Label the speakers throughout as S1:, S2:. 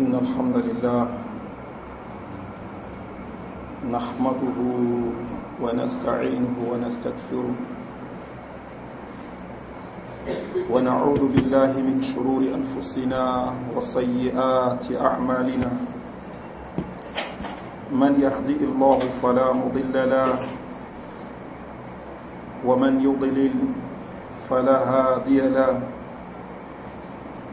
S1: إن الحمد لله نحمده ونستعينه ونستغفره ونعوذ بالله من شرور أنفسنا وسيئات أعمالنا من يهدئ الله فلا مضل له ومن يضلل فلا هادي له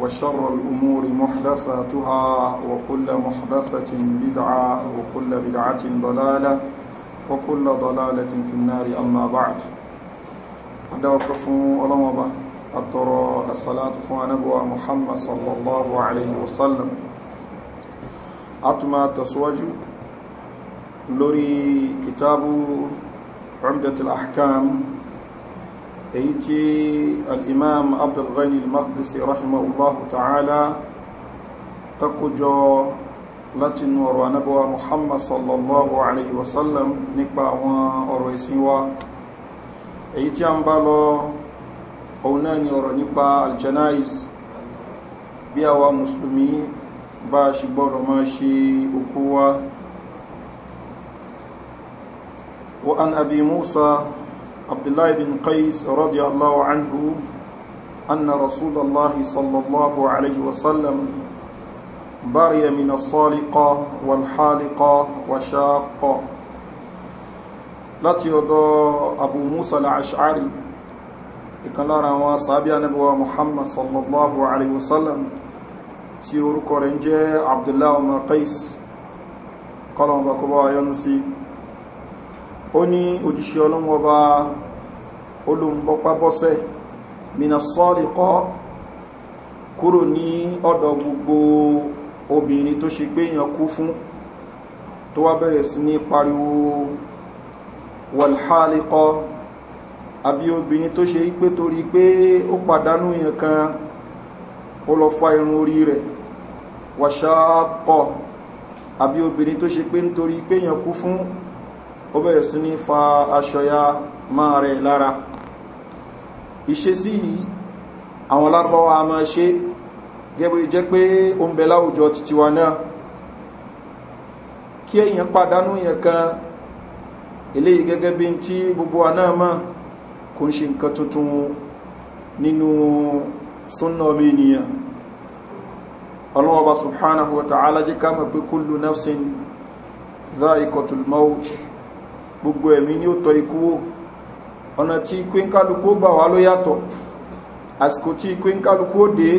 S1: وشر الأمور محدثاتها وكل محدثة بدعة وكل بدعة ضلالة وكل ضلالة في النار أما بعد أدوكفوا ألمبا أترى الصلاة فانبوى محمد صلى الله عليه وسلم أتما تسوج لوري كتاب عمدة الأحكام èyí tí al'imam abdulghani al-maqdisi rahimahullahu ta'ala takójọ láti inú ọ̀rọ̀ anábọ̀wà muhammad sallallahu alaihi wasallam nípa àwọn ọ̀rọ̀ ìsin wa èyí tí a ń bá lọ òun náà ni ọ̀rọ̀ nípa aljanais bí àwa musulmi bá ṣe gbọ́rọ̀ máa ṣe òkú wa وعن أبي موسى عبد الله بن قيس رضي الله عنه أن رسول الله صلى الله عليه وسلم بري من الصالقة والحالقة وشاقة láti ọ̀dọ̀ abu musa al'ash'ari ìkan lára wọn sàábí anábíwa muhammad sallallahu alaihi wasallam tí orúkọ rẹ̀ jẹ́ abdullahi maqais kọlọ̀mọ̀bakọba yọnu sí ó ní òjíṣẹ́ ọlọ́wọ́ bá olùmbọ́pábọ́sẹ́ mina sọ́ọ̀lì kọ́ kúrò ní ọ̀dọ̀ gbogbo obìnrin tó ṣe gbé kú fún tó wá bẹ̀rẹ̀ sí ní pariwo wàlhálì kọ́ àbí obìnrin tó ṣe pé torí pé ó pàdánù èèyàn kan ó lọ fa irun orí rẹ̀ wàṣáàpọ̀ àbí obìnrin tó ṣe pé nítorí pé èèyàn kú fún ó bẹ̀rẹ̀ sí ní fa aṣọ máa rẹ̀ lára ìṣesí yìí àwọn lárúbáwá a máa ṣe gẹ́gbẹ́ jẹ́ pé o ń bẹ láwùjọ títí wa náà kí èyàn pàdánù yẹn kan eléyìí gẹ́gẹ́ bí tí gbogbo wa náà mọ́ kò ń ṣe nǹkan tuntun nínú súnnà omi ènìyàn ọlọ́wọ́ subhanahu wa ta'ala jẹ́ ká mọ̀ pé kúlù nafsin za ikọ̀tùlmọ́ọ̀tì gbogbo ẹ̀mí ni ó tọ́ ikú wò ọ̀nà tí kwínkálukú gbà wá ló yàtọ̀ àsìkò tí kwínkálukú dé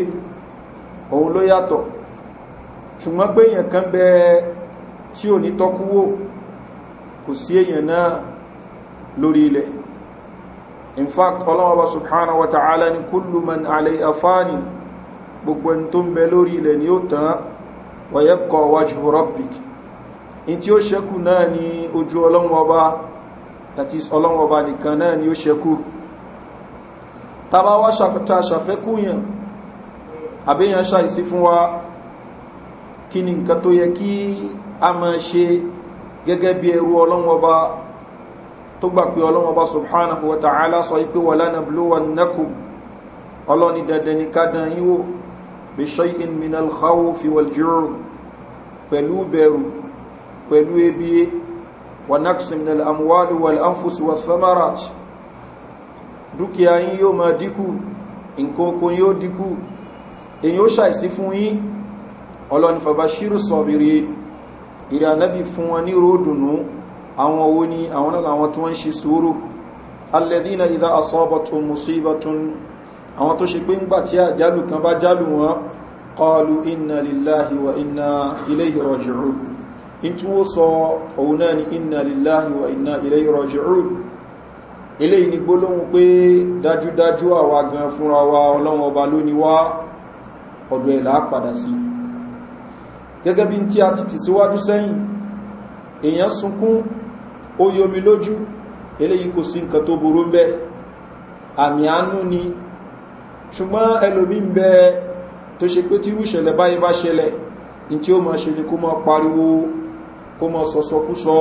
S1: òun ló yàtọ̀ ṣùgbọ́n pé èèyàn kan bẹ tí ò ní tọ́kúwò kò sí èèyàn náà lórí ilẹ̀ in fact ọlọ́wọ́ bá subhana wa ta'ala ni kúlù man alẹ́ afáàni gbogbo ẹni tó ń bẹ lórí ilẹ̀ ni ó tán wọ́yẹ́ kọ wájú rọ́bìk in tí ó ṣẹ́kù náà ni ojú ọlọ́wọ́ bá that is ọlọ́run ọba nìkan náà ni ó ṣekú tàbá wá ṣàkúta ṣàfẹ́kù yàn àbíyàn ṣàìsí fún wa kí ni nǹkan tó yẹ kí a máa ṣe gẹ́gẹ́ bí ẹrú ọlọ́run ọba tó gbà pé ọlọ́run ọba subhanahu wa ta'ala sọ pé wà lánàá blóhà nẹ́kùn ọlọ́ni dandan ní ká yíwò bí ṣẹ́yìn minal khawfi wal jùrù pẹ̀lú bẹ̀rù pẹ̀lú ebi ونقص من الأموال والأنفس والثمرات dúkìá yín yóò máa dínkù nǹkan oko yóò dínkù èyí ó ṣàìsí fún yín ọlọ́ni fàbáṣírù sọ̀bìrì ìrìn ànábì fún wọn ní ròdùnú àwọn owó ní àwọn náà àwọn tí wọ́n ń ṣe sùúrù alẹ́dínà ìdá asọ́bọ̀tún musíbọ̀tún àwọn tó ṣe pé ń gbà tí àjálù kan bá jálù wọn kọlu inna lillahi wa inna ilé ìrọ̀jùrù in tí wó sọ òun náà ni iná líláhì wa iná ilé ìrọ̀jìrún ilé ìní gbólóhun pé dájúdájú àwa gan fúnra wa ọlọ́run ọba ló ni wá ọ̀dọ̀ ẹ̀lá padà sí gẹ́gẹ́ bí tí a ti tì síwájú sẹ́yìn èèyàn sunkún ó yomi lójú eléyìí kò sí nǹkan tó burú ń bẹ́ àmì àánú ni ṣùgbọ́n ẹlòmí ń bẹ tó ṣe pé tí irú ìṣẹ̀lẹ̀ báyìí bá ṣẹlẹ̀ ní tí ó máa ṣe ni kó máa pariwo kó mọ́ sọ́sọ́kúsọ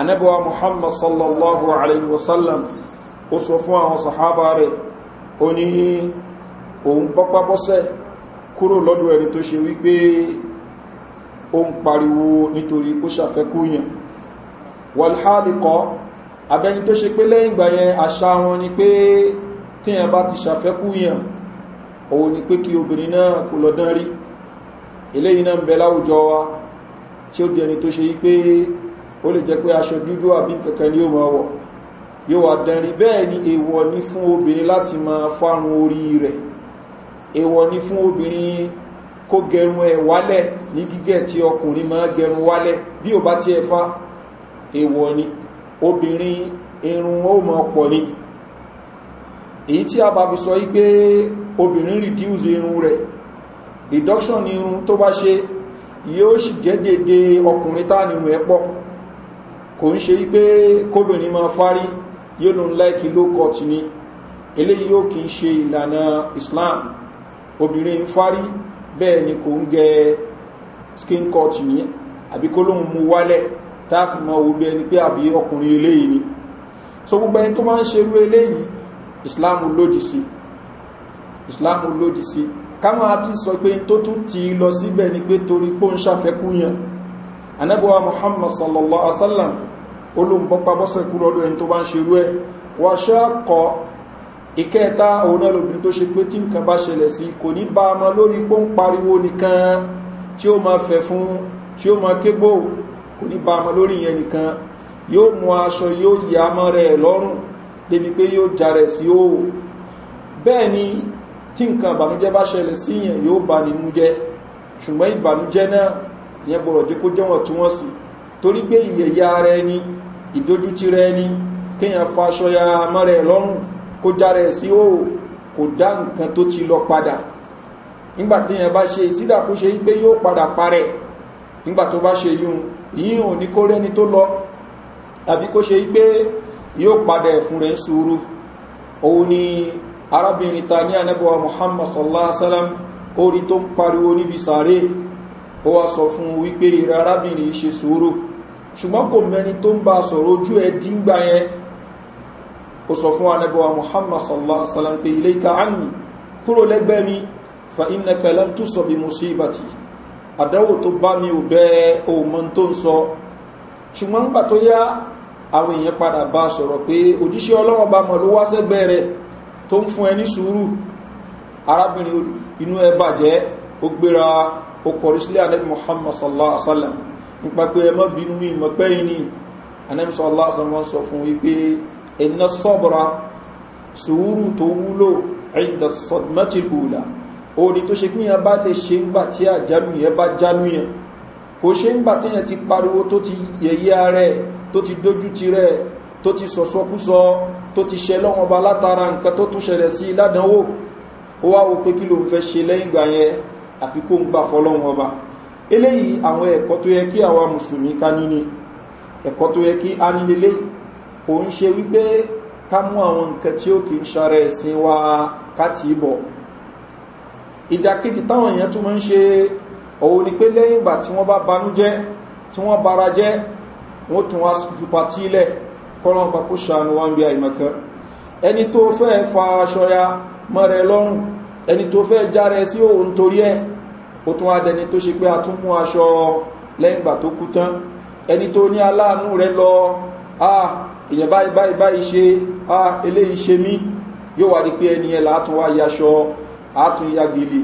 S1: anábíwá muhammad sallallahu alayhi wa sallam ó sọ fún àwọn sàhábà rẹ̀ ó ní òun pọ́pá bọ́sẹ̀ kúrò lọ́dọ̀ ẹni tó ṣe wípé ó ń pariwo nítorí ó ṣàfẹ́kúyàn wàlhálìkọ́ abẹni tó ṣe pé lẹ́yìn ìgbà yẹn àṣà wọn ni pé tíyàn bá ti ṣàfẹ́kúyàn òun ni pé kí obìnrin náà kò lọ́dán rí eléyìn náà ń bẹ láwùjọ wa tí ó di ẹni tó ṣe yí pé ó lè jẹ́ pé aṣọ dúdú àbí kankan ni ó máa wọ̀ yóò wà dẹrin bẹ́ẹ̀ ni èèwọ̀ ní fún obìnrin láti máa fárun orí rẹ̀ èèwọ̀ ní fún obìnrin kó gẹrun ẹ̀ wálẹ̀ ní gígẹ̀ tí ọkùnrin máa gẹrun wálẹ̀ bí ò bá ti ẹ̀ fa èèwọ̀ ni obìnrin irun ó mọ̀ pọ̀ ni èyí tí a bá fi sọ yí pé obìnrin reduce irun rẹ̀ reduction irun tó bá ṣe yóò sì si dédé ọkùnrin tá nínú ẹ pọ̀ kò ń ṣe wípé kóbìnrin fari fárí yóò lo láìkí ló ti ni eléyìí yóò kí n ṣe ìlànà islam obìnrin fárí bẹ́ẹ̀ ni kò ń gẹ skin cut ní àbí kolom mu mú wálẹ̀ táàfin ma wo bí ni pé àbí ọkùnrin eléyìí ni so gbogbo ẹni tó máa ń ṣerú eléyìí islam lòdì sí islam lòdì sí káwọn àti sọ pé tó tún ti lọ síbẹ̀ ni pé torí pó ń ṣàfẹ́kú yẹn anábọ̀wá muhammad sallallahu alaihi wasallam olùbọ́pá bọ́sẹ̀ kú lọ́dọ̀ ẹni tó bá ń ṣerú ẹ̀ wàṣẹ́ kọ ìkẹta òun náà lóbìnrin tó ṣe pé tí nǹkan bá ṣẹlẹ̀ sí kò ní bá ọmọ lórí pó ń pariwo nìkan tí ó máa fẹ̀ fún tí ó tí nǹkan ìbànújẹ́ bá ṣẹlẹ̀ sí yẹn yóò bá nínú jẹ́ ṣùgbọ́n ìbànújẹ́ náà ìyẹn gbọ́rọ̀ jẹ́ kó jẹ́wọ̀n tí wọ́n sì torí pé ìyẹ̀yà ara ẹni ìdójútì rẹ ẹni kéèyàn fa aṣọ ya mọ́ra ẹ̀ lọ́rùn kó jára ẹ̀ sí òò kò dá nǹkan tó ti lọ padà nígbà téèyàn bá ṣe sídà kó ṣe pé yóò padà parẹ̀ nígbà tó bá ṣe yún ìyín ò ní kó rẹ́ni tó lọ àbí kó ṣe pé yóò padà ẹ̀fún rẹ̀ ń sùúrù òun ni arábìnrin ta ní anẹ́bọ̀wà muhammad sallallahu alaihi wasallam orí tó ń pariwo níbi sàárè ó wá sọ fún wípé ìrẹ arábìnrin ṣe sòrò ṣùgbọ́n kò mẹ́ni tó ń bá sọ̀rọ̀ ojú ẹ̀ díngbà yẹn ó sọ fún anẹ́bọ̀wà muhammad sallallahu alaihi wasallam pé ilé ìka ánì kúrò lẹ́gbẹ́ mi fa iná kẹlẹ́ tó sọ bí tó ń fún ẹni sùúrù arábìnrin inú ẹ bàjẹ́ ó gbéra ó kọrí sílé anẹ́bí muhammad sallallahu alaihi wasallam nípa pé ẹ mọ́ bínú mi mọ́ pẹ́ yìí ni anẹ́bí sallallahu alaihi wasallam sọ fún wípé ẹ̀nà sọ́bọ̀ra sùúrù tó wúlò ẹ̀dà sọ̀dmẹ́tì kùlà òní tó ṣe kíyàn bá lè ṣe ńgbà tí àjálù yẹn ti pariwo tó ti yẹyẹ rẹ̀ tó ti dójú ti rẹ̀ tó ti sọ̀sọ́kúsọ tó ti ṣe lọ́wọ́n ba látara nǹkan tó tún ṣẹlẹ̀ sí ládánwò ó wá wo pé kí ló ń fẹ́ ṣe lẹ́yìn ìgbà yẹn àfi kó ń gbà fọlọ́wọ́n ọba eléyìí àwọn ẹ̀kọ́ tó yẹ kí àwa mùsùlùmí ká níní ẹ̀kọ́ tó yẹ kí a nílé léyìí kò ń ṣe wípé ká mú àwọn nǹkan tí ó kì í ṣara ẹ̀sìn wa káàtì bọ̀ ìdàkejì táwọn èèyàn tún máa ń ṣe òun ni pé lẹ́yìn ìgbà tí wọ́n bá banújẹ́ tí wọ́n bara jẹ́ wọ́n tún wá ju patí lẹ̀ kọ́lọ́n pa kó ṣàánú wọn bí àìmọ̀kan ẹni tó fẹ́ fa aṣọya mọ́rẹ̀ lọ́rùn ẹni tó fẹ́ járe sí òun torí ẹ̀ ó tún adẹni tó ṣe pé atúnkún aṣọ lẹ́yìn tó kú tán ẹni tó ní aláàánú rẹ lọ ah èèyàn báyìí báyìí ṣe ah eléyìí ṣe mí yóò wá di pé ẹni ẹ̀ látún wá yaṣọ àtún yagilè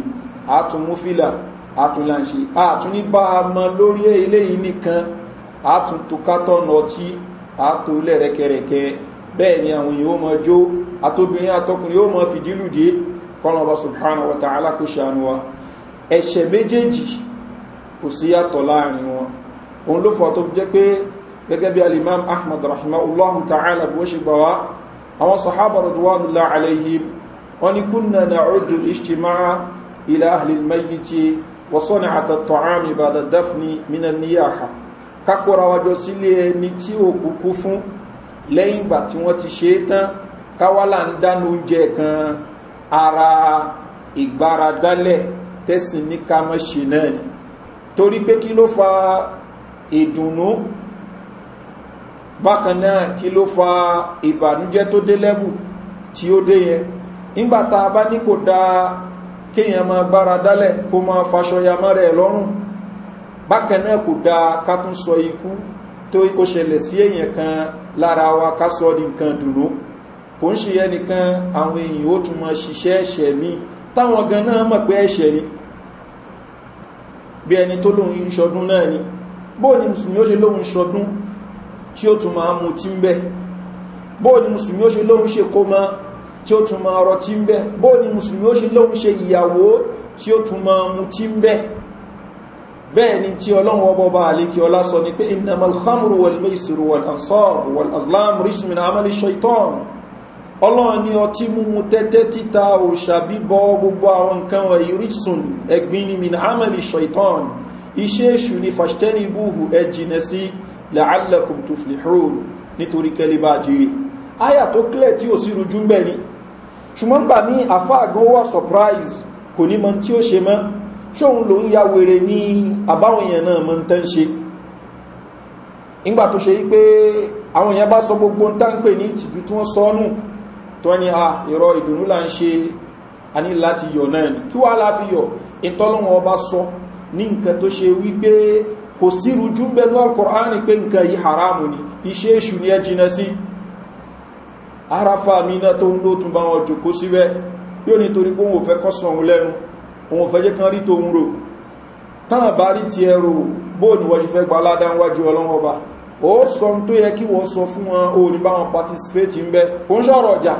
S1: àtún múfìlà àtún láǹṣe àtún ní bá a àtò lẹ́rẹ̀kẹrẹ̀kẹ bẹ́ẹ̀ ni àwọn èèyàn ó mọ jó àtòbìnrin àtọkùnrin ó mọ fìdílùdé kọ́nàbà subhanahu wa ta'ala kò ṣàánú wa ẹ̀ṣẹ̀ méjèèjì kò sí yàtọ̀ láàrin wọn òun ló fọ́ tó fi jẹ́ pé gẹ́gẹ́ bí alimam ahmad rahimahullah ta'ala kákóra wájọ sílé ẹni tí ò kúkú fún lẹ́yìn ìgbà tí wọ́n ti ṣe é tán káwálà ń dáná oúnjẹ kan ara ìgbáradálẹ̀ tẹ́sìn ní ká mọ́ ṣe náà ni torí pé kí ló fa ìdùnnú bákan náà kí ló fa ìbànújẹ́ tó dé lẹ́bù tí ó dé yẹn nígbàtà bá ní kò dáa kéèyàn máa gbáradálẹ̀ kó máa faṣọ yamọ́ rẹ̀ lọ́rùn bákan náà kò dáa ká tún sọ ikú tó ó ṣẹlẹ̀ sí èèyàn kan lára wa ká sọ di nǹkan dùnú kò ń ṣe ẹnìkan àwọn èèyàn ó tún mọ ṣiṣẹ́ ẹ̀ṣẹ̀ mi táwọn gan náà mọ̀ pé ẹ̀ṣẹ̀ ni bí ẹni tó lóun ṣọdún náà ni bóò ni musulmi ó ṣe lóun ṣọdún tí ó tún máa tí ń bẹ́ bóò ni musulmi ó ṣe lóun ṣe kó tí ó tún máa tí ń bẹ́ bóò ni musulmi ó ṣe lóun ṣe ìyàwó tí ó tún máa tí ń bẹ́ bẹ́ẹ̀ ni tí ọlọ́run ọba ọba àlékí ọlá sọ ni pé innamal khamru wal maisiru wal ansar wal azlam rishmin amali shaitan ọlọ́run ni ọtí múmu tẹ́tẹ́ títa òòṣà bíbọ gbogbo àwọn nǹkan wọ̀nyí rishun ẹ̀gbin ni min amali shaitan iṣẹ́ èṣù ni fashtẹ́ni búhù ẹ jìnà sí la'allakum tuflihun nítorí kẹlẹ́bà jèrè àyà tó kílẹ̀ tí ò sí rujú ń bẹ̀ ni ṣùgbọ́n gbà ní àfáàgán wà surprise kò ní mọ tí ó ṣe mọ́ ṣóhun ló ń ya wèrè ní àbáwọn èèyàn náà mọ́ tán ṣe ìgbà tó ṣe wípé àwọn èèyàn bá sọ gbogbo ń tán pè ní ìtìjú tí wọ́n sọ́nù tó ní a ìrọ ìdùnnú là ń ṣe a ní láti yọ̀ náà ni kí wàá láfi yọ̀ ìtọ́lọ́wọ́n ọba sọ ní nǹkan tó ṣe wípé kò síru júmbẹ̀lú alkùnrin pé nǹkan yí haramu ni iṣẹ́ èṣù ni ẹ jìnà sí arafa mi náà tó ń lótún bá wọn jòkó síbẹ̀ yóò nítorí pé wọn ò fẹ́ kọ́sàn lẹ́nu òun fẹ́jẹ́ kan rí tó ń rò tán bá rí ti ẹrù bóò ní wọ́n fẹ́ gba aládáwájú ọlọ́wọ́ ọba ó sọ tó yẹ kí wọ́n sọ fún wọn ò ní bá wọn participate ń bẹ́ ó ń ṣọ̀rọ̀ ọjà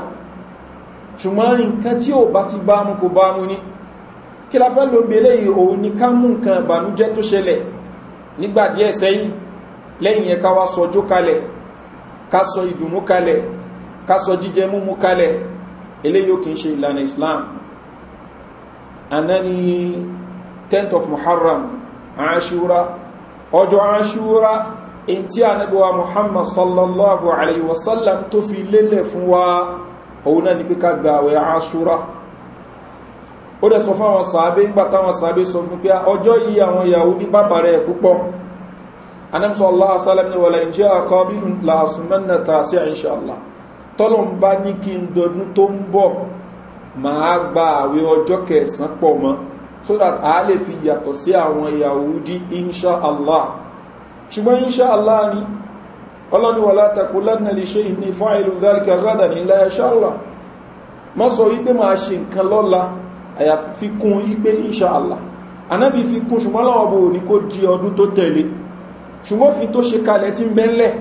S1: ṣùgbọ́n nǹkan tí ò bá ti bá mú kò bá mú ní kí la fẹ́ ló ń belé yìí òun ni ká mú nǹkan ìbànújẹ́ tó ṣẹlẹ̀ nígbà díẹ̀ sẹ́yìn lẹ́yìn yẹn ká wá sọjó kalẹ̀ ká sọ ìdùnnú kalẹ̀ ká sọ jíjẹ múmú kalẹ̀ eléyìí ó kì í ṣe ìlànà islam àná ní 10th of muharram aṣúra ọjọ́ aṣúra in tí ànábíwa muhammad sallallahu alayhi wasallam tó fi lélẹ̀ fún wa òun náà ní píká gba àwẹ̀ aṣúra ó dẹ̀ sọ fún àwọn sàábé ńgbà táwọn sàábé sọ fún pé ọjọ́ yìí àwọn yahudi bàbà rẹ̀ púpọ̀ anamsọ allah asalam ni wàlẹ̀ jẹ́ àkọ́bínú làásùmẹ́nà tàṣí inshallah tọ́lọ̀ ń bá ní kí n dọdún tó ń bọ̀ màá gba àwẹ̀ ọjọ́ kẹsàn pọ̀ mọ́ so that a lè fi yàtọ̀ sí àwọn yahudi insha allah ṣùgbọ́n insha allah ni ọlọ́niwà látakò lánà lè ṣe ìní fún àìlú dálíkà rádà nílá ẹ̀ṣàlá ma sọ wípé ma ṣe nǹkan lọ́la àyàfi fi kún wípé insha allah anábi fi kún ṣùgbọ́n láwọn ọbọ̀ òní kó di ọdún tó tẹ̀lé ṣùgbọ́n fi tó ṣe kalẹ̀ tí ń bẹ́ńlẹ̀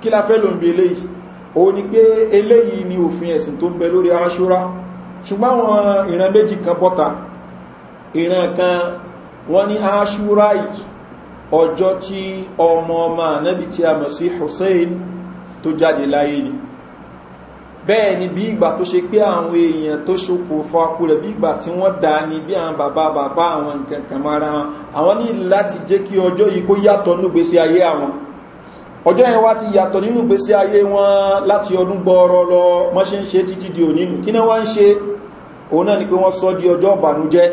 S1: kí la fẹ́ lòmbi eléyìí òun ni ṣùgbọ́n àwọn ìran méjì kan bọ́ta ìran kan wọ́n ní aṣúra yìí ọjọ́ tí ọmọ ọmọ ànábì tí a mọ̀ sí hussein tó jáde láyé ni bẹ́ẹ̀ ni bí ìgbà tó ṣe pé àwọn èèyàn tó ṣokò fọ́kú rẹ̀ bí ìgbà tí wọ́n dá ní bí àwọn bàbá bàbá àwọn nǹkan kan mara wọn àwọn ní láti jẹ́ kí ọjọ́ yìí kó yàtọ̀ nígbésí ayé àwọn ọjọ́ yẹn wá ti yàtọ̀ nínú gbésí ayé wọn láti ọdún gbọ́ọ̀rọ̀ lọ mọ́ṣẹ́ ń ṣe títí di òní kí náà wá ń ṣe òun náà ni pé wọ́n sọ di ọjọ́ ìbànújẹ́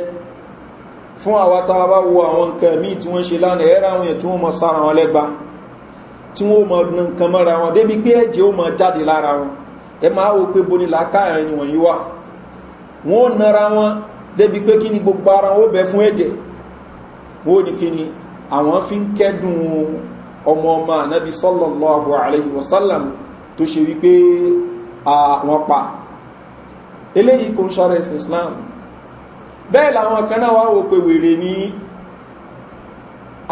S1: fún àwa tá a bá wo àwọn nǹkan tí wọ́n ṣe lánàá ẹ̀rọ àwọn èèyàn tí wọ́n mọ sára wọn lẹ́gba tí wọ́n mọ nǹkan mọ́ra wọn débi pé ẹ̀jẹ̀ ó mọ jáde lára wọn ẹ máa wo pé bo ni làákàyàn wà nara wọn débi pé gbogbo ara wọn bẹ fún ẹ̀jẹ̀ wọ́n fi ń kẹ́dùn ọmọ ọmọ ànábi àbọ̀ tó ṣe wípé àwọn pa eléyìí kò ń ṣọ́rẹ̀ sí islam bẹ́ẹ̀ làwọn kan náà wá wò pé wèrè ní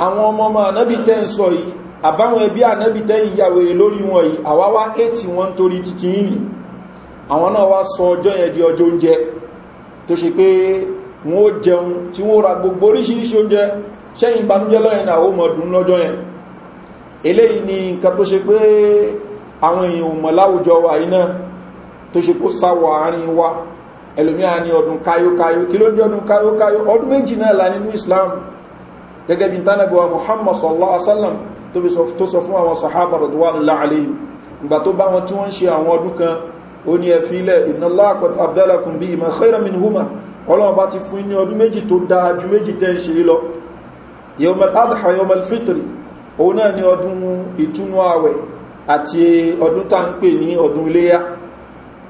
S1: àwọn ọmọ ọmọ ànábì tẹ́ ń sọ yìí àbáwọn ẹbí ànábì tẹ́ ń ya wèrè lórí wọn yìí àwa wá kéètì wọn torí títí yìí àwọn náà wá sọ ọjọ́ yẹn di ọjọ́ oúnjẹ tó ṣe pé wọn ó jẹun tí wọn ra gbogbo oríṣiríṣi oúnjẹ sẹ́yìn banújẹ́ lọ́yẹn náà ó mọ̀ dùn lọ́jọ́ yẹn eléyìí ni nǹkan tó ṣe pé àwọn èèyàn ò mọ̀ láwùjọ wà yìí náà tó ṣe kó sáwọ àárín wa ẹlòmí a ní ọdún káyókáyó kí ló ní ọdún káyókáyó ọdún méjì náà la nínú islam gẹ́gẹ́ bí tánàbíwa muhammad sallallahu alaihi wasallam tó sọ fún àwọn sahaba rọ̀dùwánù láàrín ìgbà tó bá wọn tí wọ́n ń ṣe àwọn ọdún kan ó ní ẹ̀fí ilẹ̀ ìnáwó abdalakun bí ìmọ̀ khairamini huma ọlọ́run bá ọdún méjì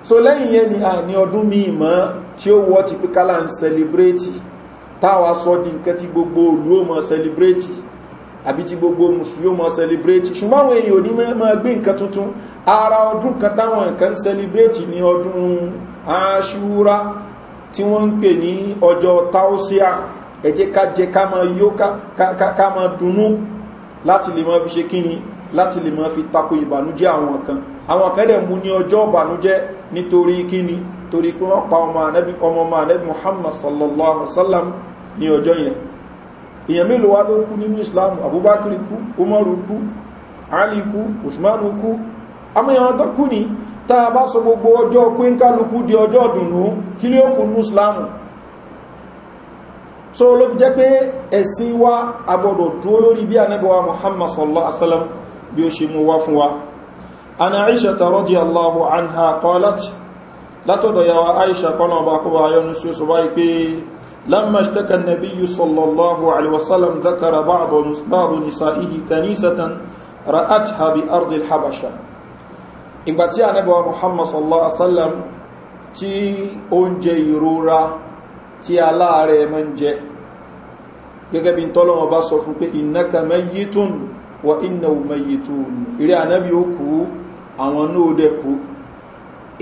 S1: so lẹ́yìn yẹn ni a ní ọdún míì mọ́ tí ó wọ́ ti píkálà ń sẹlẹ̀bírẹ́tì táwa sọ di nǹkan tí gbogbo olú ó mọ́ sẹlẹ̀bírẹ́tì àbí tí gbogbo mùsùlùmí mọ́ sẹlẹ̀bírẹ́tì ṣùgbọ́n àwọn èèyàn mọ́ gbé nǹkan tuntun ara ọdún kan táwọn nǹkan ń sẹlẹ̀bírẹ́tì ní ọdún aṣúra tí wọ́n ń pè ní ọjọ́ taosia ẹ̀jẹ̀ ká jẹ ká mọ yó ká mọ dunnú láti lè mọ fi ṣe kíni láti lè máa fi tako ìbànújẹ́ àwọn kan àwọn kan dẹ̀ mú ní ọjọ́ ìbànújẹ́ nítorí kíni torí pé wọ́n pa ọmọ ọmọ muhammad sallallahu alaihi wasallam ní ọjọ́ yẹn èèyàn mélòó wá ló kú nínú islam abubakar kú umar kú ali kú usman kú amóyàn tó kú ní tá a bá sọ gbogbo ọjọ́ pé ń kálukú di ọjọ́ dùnú kí ló kú nínú islam so ló fi jẹ́ pé ẹ̀sìn wa agbọ́dọ̀ dúó lórí bí anabi muhammad sallallahu alaihi bí ó ṣe mú wá fún wa ana aisha tàrọ di allahu anha kọlat látọ̀dọ̀ yawa aisha kọ́nà ọba kọba ayọ́nu sí oṣù báyìí pé لما اشتكى النبي صلى الله عليه وسلم ذكر بعض بعض نسائه كنيسة رأتها بأرض الحبشة ìgbà tí ànẹ́bọ̀ muhammad sallallahu alaihi tí ó ìrora tí aláàrẹ mọ́ ń gẹ́gẹ́ bí tọ́lọ́wọ́ bá sọ fún pé ìnáka mẹ́yí wọ iná òmìyí tó ìrí ànábì ó kú àwọn náà dẹ̀ kú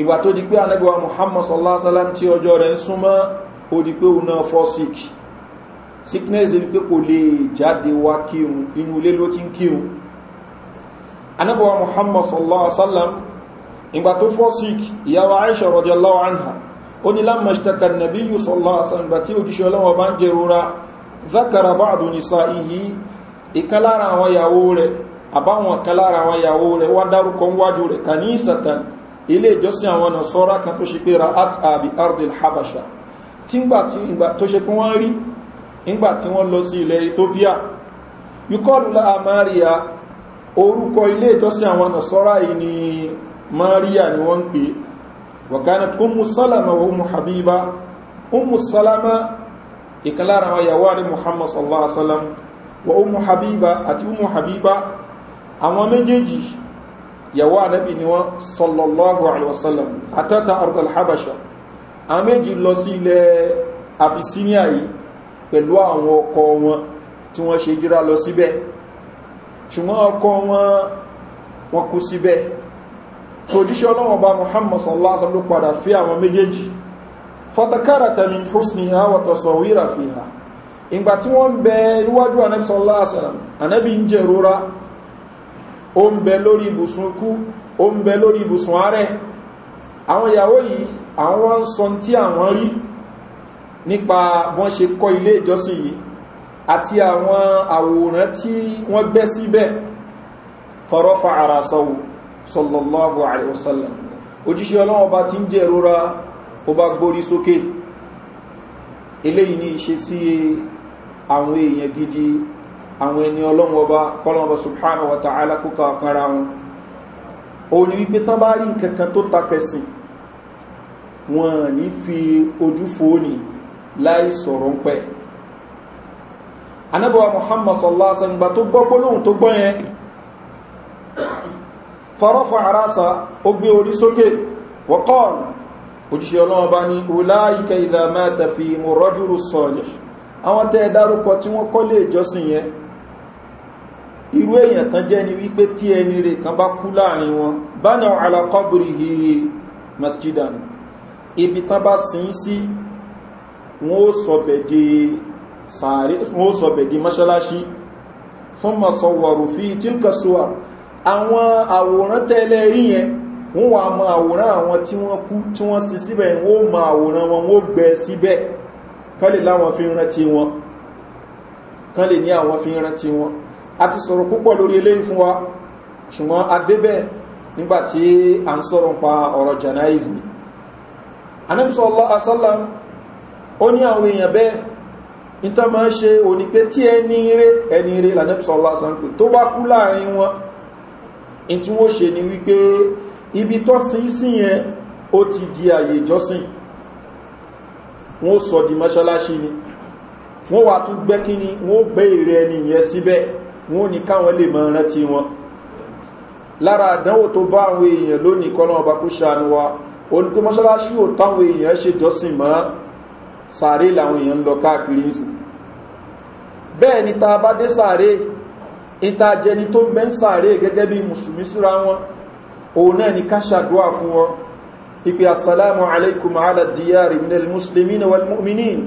S1: ìgbà tó di pé ànábì wa muhammad sallallahu alaihi wasallam tí ọjọ́ rẹ̀ ń súnmọ́ ó di pé òun náà sick sickness débi pé kò lè jáde wá kírun inú ilé ló ti ń kírun wa muhammad sallallahu alaihi wasallam ìgbà tó fọ́ sick ìyàwó aisha rọjọ́ anha ó ní lámàṣtaka nàbí yusuf sallallahu alaihi wasallam ìgbà tí òjíṣẹ́ ọlọ́wọ́ bá ń jẹrora zakara bá àdùnisa ìkan lára àwọn ìyàwó rẹ̀ àbáwọn kan lára àwọn ìyàwó rẹ̀ wá dárúkọ wájú rẹ̀ kà ní ìsàtàn ilé ìjọsìn àwọn ọ̀nà sọ́ra kan tó ṣe pé ra at abi ardil habasha tí ìgbà tó ṣe pé wọ́n rí ìgbà tí wọ́n lọ sí ilẹ̀ ethiopia yukọ́lùlá amaria orúkọ ilé ìjọsìn àwọn ọ̀nà sọ́ra yìí ni maria ni wọ́n ń pè wàkánat umu salama wa umu habiba umu salama ìkan lára àwọn ìyàwó àrí muhammad sallallahu alaihi wasallam wa umu habiba àti umu habiba àwọn méjèèjì yàwó ànábì ni wọ́n sallallahu alaihi wasallam àtàtà ardal habasha àwọn méjì lọ sí ilẹ̀ abyssinia yìí pẹ̀lú àwọn ọkọ̀ wọn tí wọ́n ṣe jíra lọ síbẹ̀ ṣùgbọ́n ọkọ̀ wọn wọn kú síbẹ̀ so jíṣẹ́ ìgbà tí wọ́n ń bẹ níwájú ànábì sọ́lá àṣàrà ànábì ń jẹ̀rora ó ń bẹ lórí ibùsùn ikú ó ń bẹ lórí ibùsùn ààrẹ àwọn ìyàwó yìí àwọn wọ́n ń sọ tí àwọn rí nípa wọ́n ṣe kọ́ ilé ìjọsìn yìí àti àwọn àwòrán tí wọ́n gbẹ́ síbẹ̀ fọ́rọ́fà ara sọ́wọ́ sọ́lọ́lọ́wọ́ àríwọ̀sọ́lá ní ìṣesí àwọn èèyàn gidi àwọn ẹni ọlọ́wọ́ bá kọ́lọ́wọ́ subhanahu wa ta'ala kúkà kanra wọn òun ni wípé tán bá rí nkankan tó takẹsìn wọn ní fi ojú fóònì láì sọ̀rọ̀ ń pẹ́ anábọ̀wà muhammad sallallahu alaihi tó gbọ́ gbólóhùn tó gbọ́ yẹn fọ́rọ́fọ́ àrásà ó gbé orí sókè wọ́kọ́ọ̀lù òjíṣẹ́ ọlọ́wọ́ bá ní ọláyíkà ìdàmẹ́ta fi mọ̀rọ́júrú sọ̀lẹ̀ àwọn tẹ́ dárúkọ tí wọ́n kọ́lé ìjọsìn yẹn irú èèyàn tán jẹ́ ni wípé tí ẹni rẹ̀ kan bá kú láàrin wọn bánà alakọ́bùrì hìhì masjidan ibi tán bá sin sí wọn ó sọ̀bẹ̀ di mọ́ṣálásí fún masọ̀wọ̀rù fi tílkàṣọ́wà àwọn àwòrán tẹ́lẹ̀ rí yẹn wọ́n wà mọ àwòrán àwọn tí wọ́n kú tí wọ́n sin síbẹ̀ wọ́n mọ àwòrán wọn wọ́n gbẹ síbẹ̀ si kán lè láwọn fi rántí wọn kán lè ní àwọn fi rántí wọn a ti sọ̀rọ̀ púpọ̀ lórí eléyìí fún wa ṣùgbọ́n adébẹ̀ nígbàtí a ń sọ̀rọ̀ pa ọ̀rọ̀ janaiz ni allah asálàm ó ní àwọn èèyàn bẹ́ẹ̀ níta máa ń ṣe òní pé tí ẹni eré ẹni eré lànàbìsọ̀ allah asálàm pé tó bá kú láàrin wọn in tí wọ́n ṣe yẹn ó ti di àyè ìjọsìn wọ́n sọ di mọ́ṣálásí ni wọ́n wà tún gbẹ́ kí ni wọ́n gbé èrè ẹni yẹn síbẹ̀ wọ́n ní káwọn lè mọ̀ rántí wọn lára àdánwò tó bá àwọn èèyàn lónìí kọ́lọ́ ọba kó ṣàánú wa òun pé mọ́ṣálásí ò táwọn èèyàn ṣe jọ́sìn mọ́ sàárè làwọn èèyàn lọ káàkiri ń sìn bẹ́ẹ̀ ni ta bá dé sàárè ìta jẹni tó ń bẹ́ ń sàárè gẹ́gẹ́ bí mùsùlùmí síra wọn òun náà ni ká ṣàdúrà fún wọn ipe assalamu alaikum ala diyari minal muslimin wal mu'minin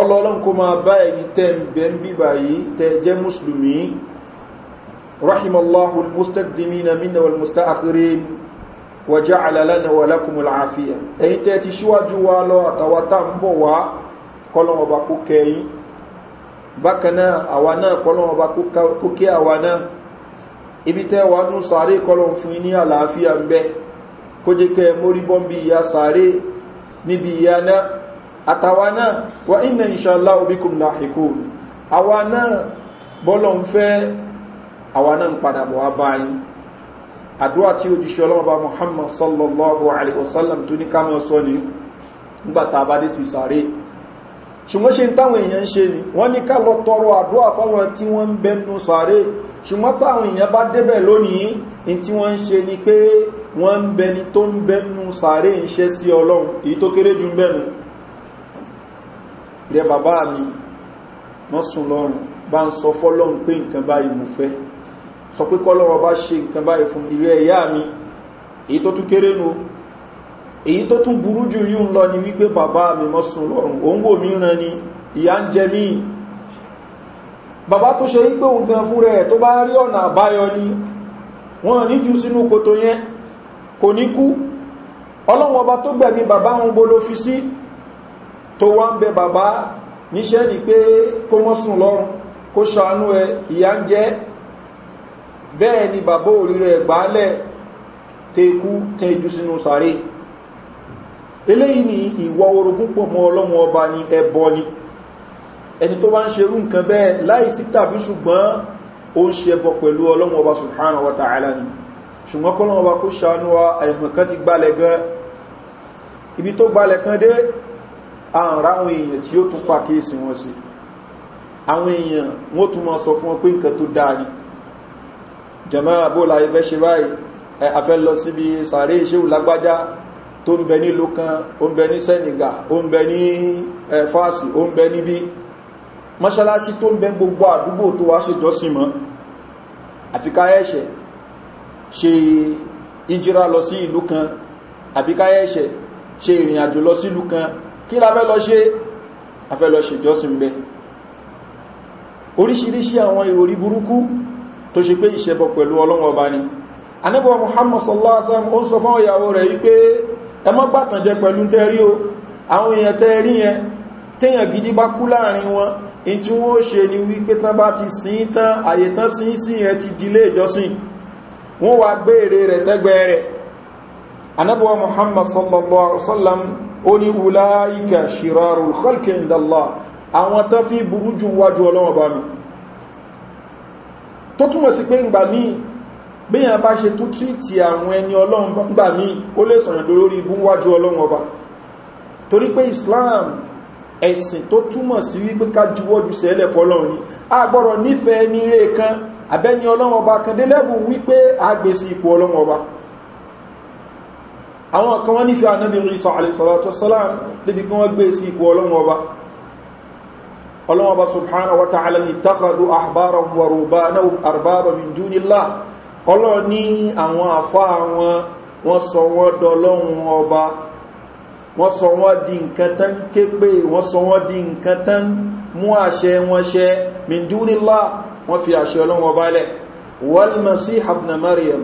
S1: ọlọ́lọ́n kó máa bá ẹ̀yìn tẹ́ ń bẹ̀ ń bíbà yìí tẹ́ jẹ́ musulmi rahimallahu almustaqdimina minna wal mustaakhirin wa ja'ala lana wa lakum al'afiya ẹ̀yìn tẹ́ ti ṣíwájú wa lọ àtàwátà ń bọ̀ wá kọlọ́n ọba kó kẹyìn bákan àwa náà kọlọ́n ọba kó kẹ àwa náà ibi tẹ́ wa nú sàárè kọlọ́n fún ní àlàáfíà ń bẹ́ẹ̀ kó jẹ́ kẹ́ mórí bọ́ bí ìyá sàárè níbi ìyá náà àtàwa náà wà iná ìṣàlá obìkùn náà hìkú àwa náà bọ́lọ̀ ń fẹ́ àwa náà ń padà bọ̀ wá báyìí àdúrà tí ó jíṣẹ́ ọlọ́mọba muhammad sallallahu alaihi wasallam tó ní ká ṣùgbọ́n táwọn èèyàn bá débẹ̀ lónìí in tí wọ́n ń ṣe ni pé wọ́n ń bẹni tó ń bẹnu sàárè ń ṣẹ́ sí ọlọ́run èyí tó kéré jù ń bẹ̀nu rẹ bàbá mi wọ́n sùn lọ́rùn bá ń sọ fọ́lọ́run pé nǹkan báyìí mo fẹ́ sọ pé kọ́lọ́run bá ṣe nǹkan báyìí fún ìrẹ́ ẹ̀yà mi èyí tó tún kéré nu èyí tó tún burú jù yìí ń lọ ni wípé bàbá mi mọ́ sùn lọ́rùn òun wò mí ran ni ìyá ń jẹ míì bàbá tó ṣe wípé òun gan fún rẹ̀ tó bá rí ọ̀nà àbáyọ ni wọ́n ní jù sínú kòtò yẹn kò ní kú ọlọ́wọ́n ọba tó gbẹ̀mí bàbá wọn bó ló fi sí tó wá ń bẹ bàbá níṣẹ́ ni pé kó mọ́ sùn lọ́rùn kó ṣàánú ẹ ìyá ń jẹ́ bẹ́ẹ̀ ni bàbá òrírẹ gbálẹ̀ tẹ́kú tẹ́jú sínú sàárè eléyìí ni ìwọ orogún pọ̀ mọ́ ọlọ́wọ́n ọba ni ẹbọ ni ẹni tó bá ń ṣerú nǹkan bẹ́ẹ̀ láìsí tàbí ṣùgbọ́n ó ń ṣe ẹbọ pẹ̀lú ọlọ́run ọba subhanahu wa ta'ala ni ṣùgbọ́n kọ́lọ́run ọba kó ṣàánú wa àìmọ̀kan ti gbalẹ̀ gan ibi tó gbalẹ̀ kan dé àrà àwọn èèyàn tí ó tún pàkíyèsí wọn sí mọ́ṣálásí tó ń bẹ gbogbo àdúgbò tó wá ṣe jọ́sìn mọ́ àfikà ẹ̀ṣẹ̀ ṣe ìjírá lọ sí ìlú kan àbíká ẹ̀ṣẹ̀ ṣe ìrìn àjò lọ sí ìlú kan kí la fẹ́ lọ ṣe afẹ́ lọ ṣe jọ́sìn bẹ́ oríṣiríṣi àwọn ìròrí burúkú tó ṣe pé ìṣẹ́bọ pẹ̀lú ọlọ́wọ́ ni in tí wọ́n ṣe ni wípé tán bá ti sin tán àyè tán sin sí ẹ ti dílé ìjọsìn wọ́n wá gbé èrè rẹ̀ sẹ́gbẹ́ rẹ̀ anábọ̀ muhammad sallallahu alaihi wasallam ó ní wùlá ìkà ṣìrarù khalki indala àwọn tán fi burú jù torí pé islam ẹ̀sìn tó túmọ̀ sí wípé ká juwọ́jú sẹ́lẹ̀ fọlọ́run ni a gbọ́dọ̀ nífẹ̀ẹ́ ní eré kan abẹ́ni ọlọ́run ọba kan délẹ́bù wípé a gbé sí ipò ọlọ́run ọba àwọn kan wọ́n nífẹ̀ẹ́ anábì rísọ àlèsọ̀lọ́tọ̀ sọ́lám débi kí wọ́n gbé sí ipò ọlọ́run ọba ọlọ́run ọba subhana wa ta'ala ni takadu ahbara waruba wọ́n sọ wọ́n di nǹkan tán ké pé wọ́n sọ wọ́n di nǹkan tán mú àṣẹ wọn ṣẹ mindúnilá wọ́n fi àṣẹ ọlọ́wọ́ bálẹ̀ wọ́lmọ̀sí habna mariam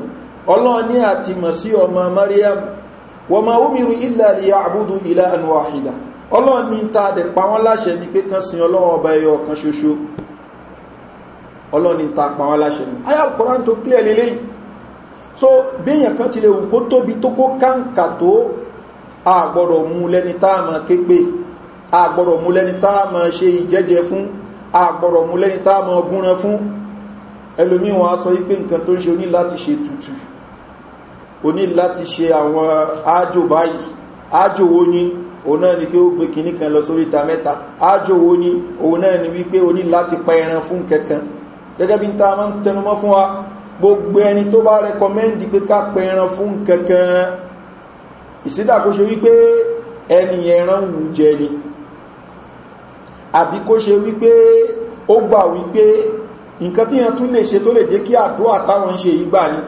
S1: ọlọ́ọ̀ni àti mọ̀sí ọmọ mariam wọ́n ma wúmiru ilẹ̀ àríyá àbúdú so bí kan ti lè wù tóbi tó kó káǹkà tó a gbọ́dọ̀ mú lẹ́ni tá a mọ̀ kégbé a gbọ́dọ̀ mú lẹ́ni tá a mọ̀ ṣe ìjẹ́jẹ fún a gbọ́dọ̀ mú lẹ́ni tá a gúnran fún ẹlòmíì a sọ wípé nǹkan tó ń ṣe oní láti ṣe tutù oní láti ṣe àwọn ájò báyìí ájò wo ni òun náà ni pé ó gbé kìíní kan lọ sórí ìta mẹ́ta ájò wo ni òun náà ni wípé oní láti pa ẹran fún kankan gẹ́gẹ́ bí n ta máa ń tẹnumọ́ fún wa gbogbo ẹni tó bá rẹkọmẹ́ndì pé ká pa ẹran fún kankan ìsídà kó ṣe wípé ẹni ẹran wù jẹ ni àbí kó ṣe wípé ó gbà wípé nǹkan tí yẹn tún lè ṣe tó lè jẹ́ kí àdúrà táwọn ń ṣe yìí gbà ni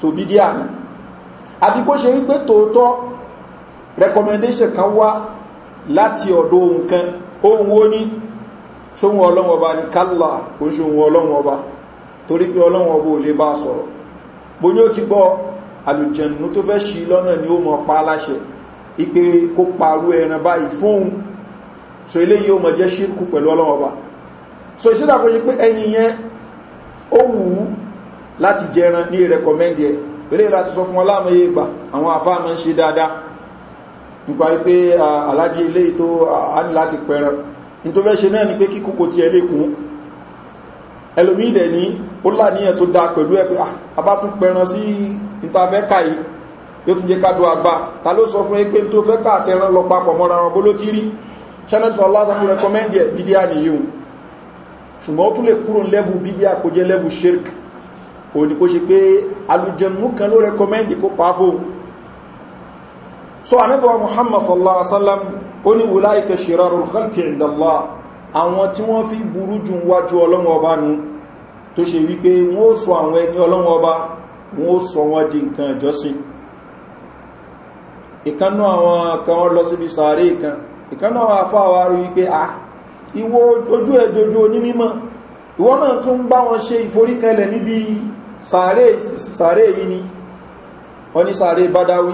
S1: sòbídí àmì àbí kó ṣe wípé tòótọ́ recommendation kan wá láti ọ̀dọ̀ ohun kan ohun wo ní ṣóhun ọlọ́wọ́ ọba ní kálà kò ṣóhun ọlọ́wọ́ ọba torí pé ọlọ́wọ́ ọba ò lè bá sọ̀rọ̀ bó ní ó ti gbọ́ àlùjẹ̀nù tó fẹ́ ṣí lọ́nà ni ó mọ̀ pa aláṣẹ ipé kó parú ẹran báyìí fóun so ilé yìí ó mọ̀ jẹ́ ṣírkù pẹ̀lú ọlọ́wọ́ba so ìṣẹ́dà kò yí pé ẹni yẹn ó wù ú láti jẹran ní rẹ̀kọ̀mẹ́ndì ẹ̀ ilé láti sọ fún ọlámọye ìgbà àwọn àfáà ń ṣe dáadáa nípa wípé ni pé kíkókò ti ẹlékún ẹlòmí ìdẹ̀ ní ó láníyàn tó dáa níta fẹ́ ká yìí yóò tún jẹ́ ká do àgbà ta ló sọ fún ẹgbẹ́ tó fẹ́ ká àtẹran lọ papọ̀ mọ́ra wọn bóló tí rí channel for allah sàkó rẹkọmẹ́ndì ẹ̀ dídí àníyàn ṣùgbọ́n ó tún lè kúrò lẹ́vù dídí àkójẹ́ lẹ́vù shirk òní kó ṣe pé alùjẹ̀mú kan ló rẹkọmẹ́ndì kó pa fóun so anábọ̀ muhammad sallallahu alaihi wasallam ó ní àwọn tí wọ́n fi burú jù wájú ọlọ́wọ́ ọba nu tó ṣe wípé wọ́n ó sọ àwọn ẹni ọlọ́wọ́ ọba wọn ó sọ wọn di nǹkan ìjọsìn ìkànnà àwọn kan wọn lọ síbi sàárè kan ìkànnà àwọn afáwa wípé a ah, ìwọ ojú ẹjọjú onímímọ ìwọ náà tún bá wọn ṣe ìforíkẹlẹ níbi sàárè yìí ni wọ́n ní sàárè bádáwí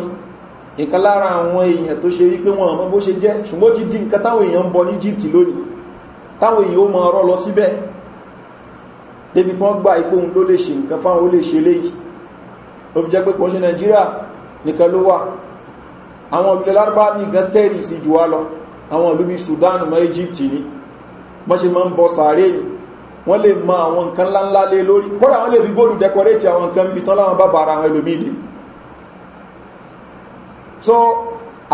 S1: ìkan lára àwọn èèyàn tó ṣe wípé wọn àmọ́ bó ṣe jẹ́ ṣùgbọ́n ti di nǹkan táwọn èèyàn ń bọ ní egypt lónìí táwọn èèyàn ó mọ ọrọ́ lọ síbẹ̀ débi kan gba ìpóhun ló lè ṣe nǹkan fáwọn ó lè ṣe léyìí ó fi jẹ́ pé kòóṣe nàìjíríà nìkan ló wà àwọn ìlú lárúbá ní gan tẹ́rì sí jù lọ àwọn ìlú bí sudan mọ́ egypt ni wọ́n ṣe máa ń bọ sàárè ni wọ́n lè mọ àwọn nǹkan ńláńlá lé lórí kọ́ra wọ́n lè fi góòlù dẹkọrétì àwọn nǹkan bí tán láwọn bàbá ara àwọn ẹlòmídìí so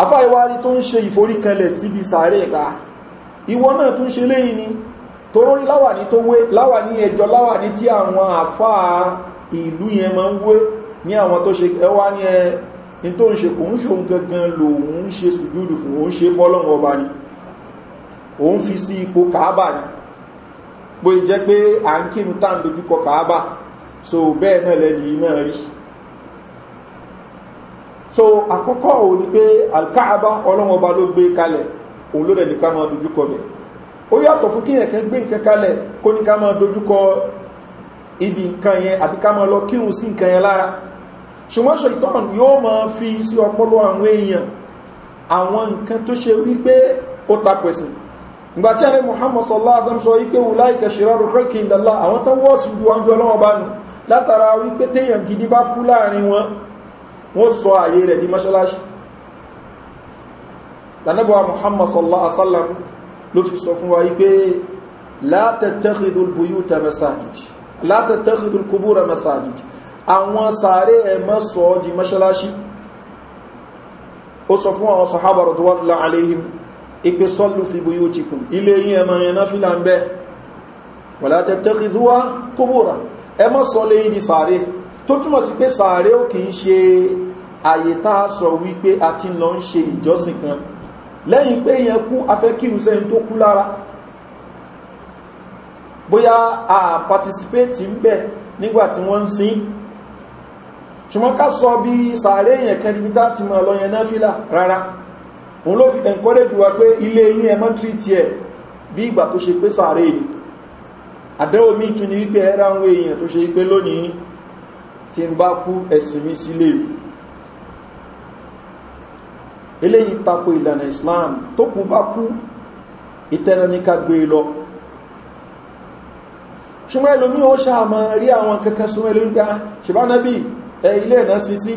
S1: afáìwárí tó ń ṣe ìforíkanlẹ̀ síbi sàárè ìka ah, ìwọ náà tún ṣe léyìn ni torórí láwà ní tó wé láwà ní ẹjọ́ láwà ní tí àwọn àfáà ìlú yẹn máa ń wé ní àwọn tó ṣe ẹwà ní ẹ ní tó ń ṣe kò ń ṣe òun gangan lò òun ṣe sùjúdù fún òun ṣe fọ́lọ́wọ́ ọba ni òun fi sí ipò kàábà ni bó jẹ́ pé à ń kírù tá ń dojúkọ kàábà so bẹ́ẹ̀ náà lẹ́ni náà rí so àkọ́kọ́ òun ni pé alkaaba ọlọ́wọ́ ọba ló gbé kalẹ̀ òun ló rẹ̀ ní ká máa dojúkọ bẹ̀ ó yàtọ̀ fún kíyàn kan gbé nǹkan kalẹ̀ kó ní ká máa dojúkọ ibi nǹkan yẹn àbí ká máa lọ kírun sí nǹkan yẹn lára ṣùgbọ́n ṣètọ́n yóò ma fi sí ọpọlọ àwọn èèyàn àwọn nǹkan tó ṣe wípé ó takwẹ̀sìn ìgbà tí a ní muhammad sallallahu alaihi wasallam sọ wípé wùlá ìkẹṣẹ̀rá rúkọ́ kí n dàlá àwọn tó wọ́ sí ju ọjọ́ ọlọ́wọ́ bá nù látara wípé téèyàn gidi bá kú láàrin wọn wọ́n sọ àyè rẹ̀ di mọ́ṣáláṣí lànàbọ̀ muhammad sallallahu alaihi wasallam ló fi sọ fún wa wípé látàtàkìdùl buyú ta masajid látàtàkìdùl kubúra àwọn sàárè ẹ̀mọ́ sọ ọ́ di mọ́ṣáláṣí ó sọ fún àwọn sọ̀hábàrọ̀ tó wà láàrín ìpé sọ́lù fi buyú ti kùn ilé yí ẹmọ ẹ̀nà fílà ń bẹ́ wọ̀lá tẹ́tẹ́kì dúwá kúbúra ẹmọ́ sọ lé yí di sàárè tó túnmọ̀ sí pé sàárè ó kìí ṣe àyè tá a sọ wípé a ti lọ ń ṣe ìjọsìn kan lẹ́yìn pé yẹn kú afẹ́kírù sẹ́yìn tó kú lára bóyá a participate ń bẹ̀ nígbà tí wọ́n ń sin ṣùgbọ́n ká sọ bí sàárè èèyàn kan níbi tá ti mọ̀ lọ́yẹn náà fílà rárá òun ló fi encourage wa pé ilé yín ẹmọ́ tírítì ẹ̀ bí ìgbà tó ṣe pé sàárè ni àdẹ́wò mi tún ní wípé ẹ̀rá àwọn èèyàn tó ṣe pé lónìí ti ń bá kú ẹ̀sìn mi sílé islam tó kú bá kú ìtẹ́nà ní ká gbé e lọ ṣùgbọ́n ẹlòmí ó ṣáà ẹ ilé ẹ̀nà sí sí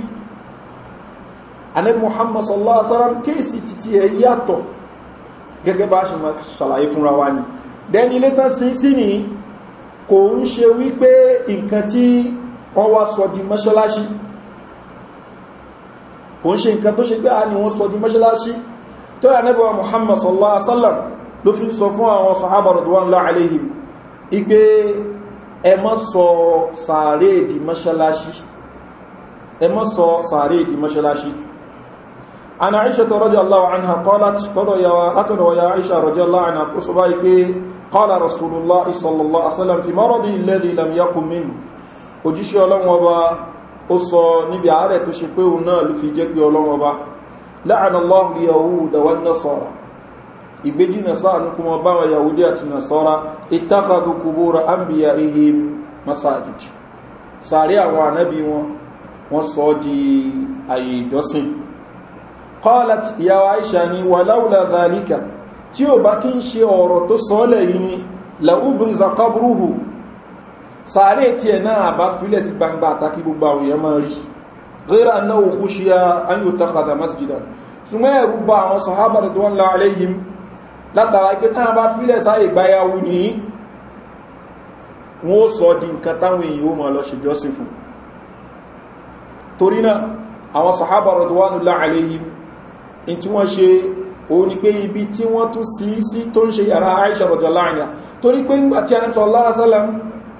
S1: anẹ́bí muhammad sallallahu alaihi wasallam kéèsì títí ẹ yàtọ̀ gẹ́gẹ́ bá ṣe ṣàlàyé fúnra wa ni dẹ́ni ilé tán sí sí ni kò ń ṣe wípé nǹkan tí wọ́n wá sọ di mọ́ṣáláṣí kò ń ṣe nǹkan tó ṣe pé a ni wọ́n sọ di mọ́ṣáláṣí tó yà nẹ́bí wa muhammad sallallahu ló fi ń sọ fún àwọn sahaba rọ̀dùwánlá aléhìm igbe ẹmọ́ sọ sàárè di mọ́ṣáláṣí ẹmọ́ sọ sàárè di mọ́ṣáláṣí عن عائشة رضي الله عنها قالت قال يا أتنو يا عائشة رضي الله عنها قصبا قال رسول الله صلى الله عليه وسلم في مرضي الذي لم يقم منه òjíṣẹ́ ọlọ́run ọba ó sọ níbi ààrẹ tó ṣe pé òun náà ló fi jẹ́ pé ọlọ́run ọba láàrínlọ́rùn yahuda wọn náà sọ́ra ìgbéjìnà sáànù wọ́n sọ di àyè ìjọsìn kọ́lát ìyàwó aisha ni wà láwùlá dhalika tí ó bá kí ń ṣe ọ̀rọ̀ tó sọ́ọ́lẹ̀ yìí ni la'ubriza qabruhu sàárè tí ẹ̀ náà bá filẹ̀ sí gbangba àtàkì gbogbo àwọn èèyàn máa rí rírà náà òkú ṣe ayò torí náà àwọn sọ̀hábà rọ̀dọ̀wánúlá àlẹ́yìn in tí wọ́n ṣe òun ni pé ibi tí wọ́n tún sí sí tó ń ṣe yàrá aisha rọ̀dọ̀lá àyà torí pé ńgbà tí anẹ́sọ̀ aláàsálàm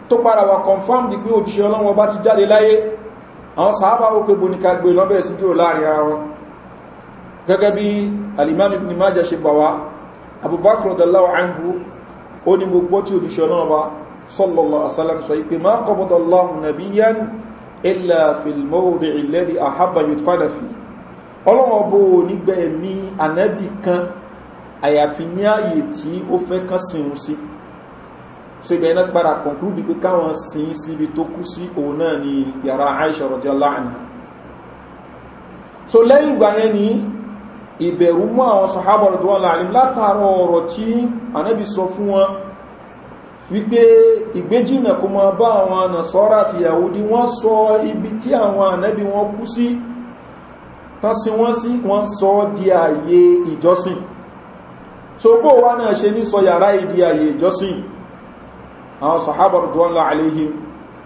S1: tó padà wà confam di pé òjíṣẹ́ ọlọ́wọ́ bá ti jáde láyé àwọn sọ̀hábà ó pé bonika gbé lọ́bẹ̀ẹ́ sí dúró láàrin ara wọn ilà fìlmọ́ọ̀dì ìlẹ́dì àhábà yóò fàdà fi ọlọ́wọ́n bó o nígbẹ́ ẹ̀mí ànábì kan àyàfi ní ààyè tí ó fẹ́ kán sìn sí so ìgbà iná padà kọ̀ǹkúrúdì pé káwọn sìn sí ibi tó kú sí òun náà ni yàrá aisha rọjá láàánú so lẹ́yìn ìgbà yẹn ni ìbẹ̀rù mú àwọn sọ̀hábà tó wà láàrin látàrọ ọ̀rọ̀ tí ànábì sọ fún wọn wípé ìgbéjìnà kó máa bá àwọn ànàsọ́rọ̀ àti yahudi wọ́n sọ ibi tí àwọn ànẹ́bí wọn kú sí tán sí wọ́n sí wọ́n sọ di àyè ìjọsìn so bó wá náà ṣe ní sọ yàrá ìdí àyè ìjọsìn àwọn sọ̀hábàrù tó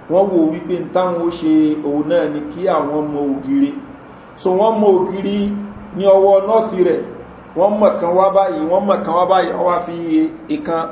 S1: wọ́n wo wípé táwọn ó ṣe òun náà ni kí àwọn mọ ògiri so wọ́n mọ ògiri ní ọwọ́ rẹ̀ wọ́n mọ̀ kan wá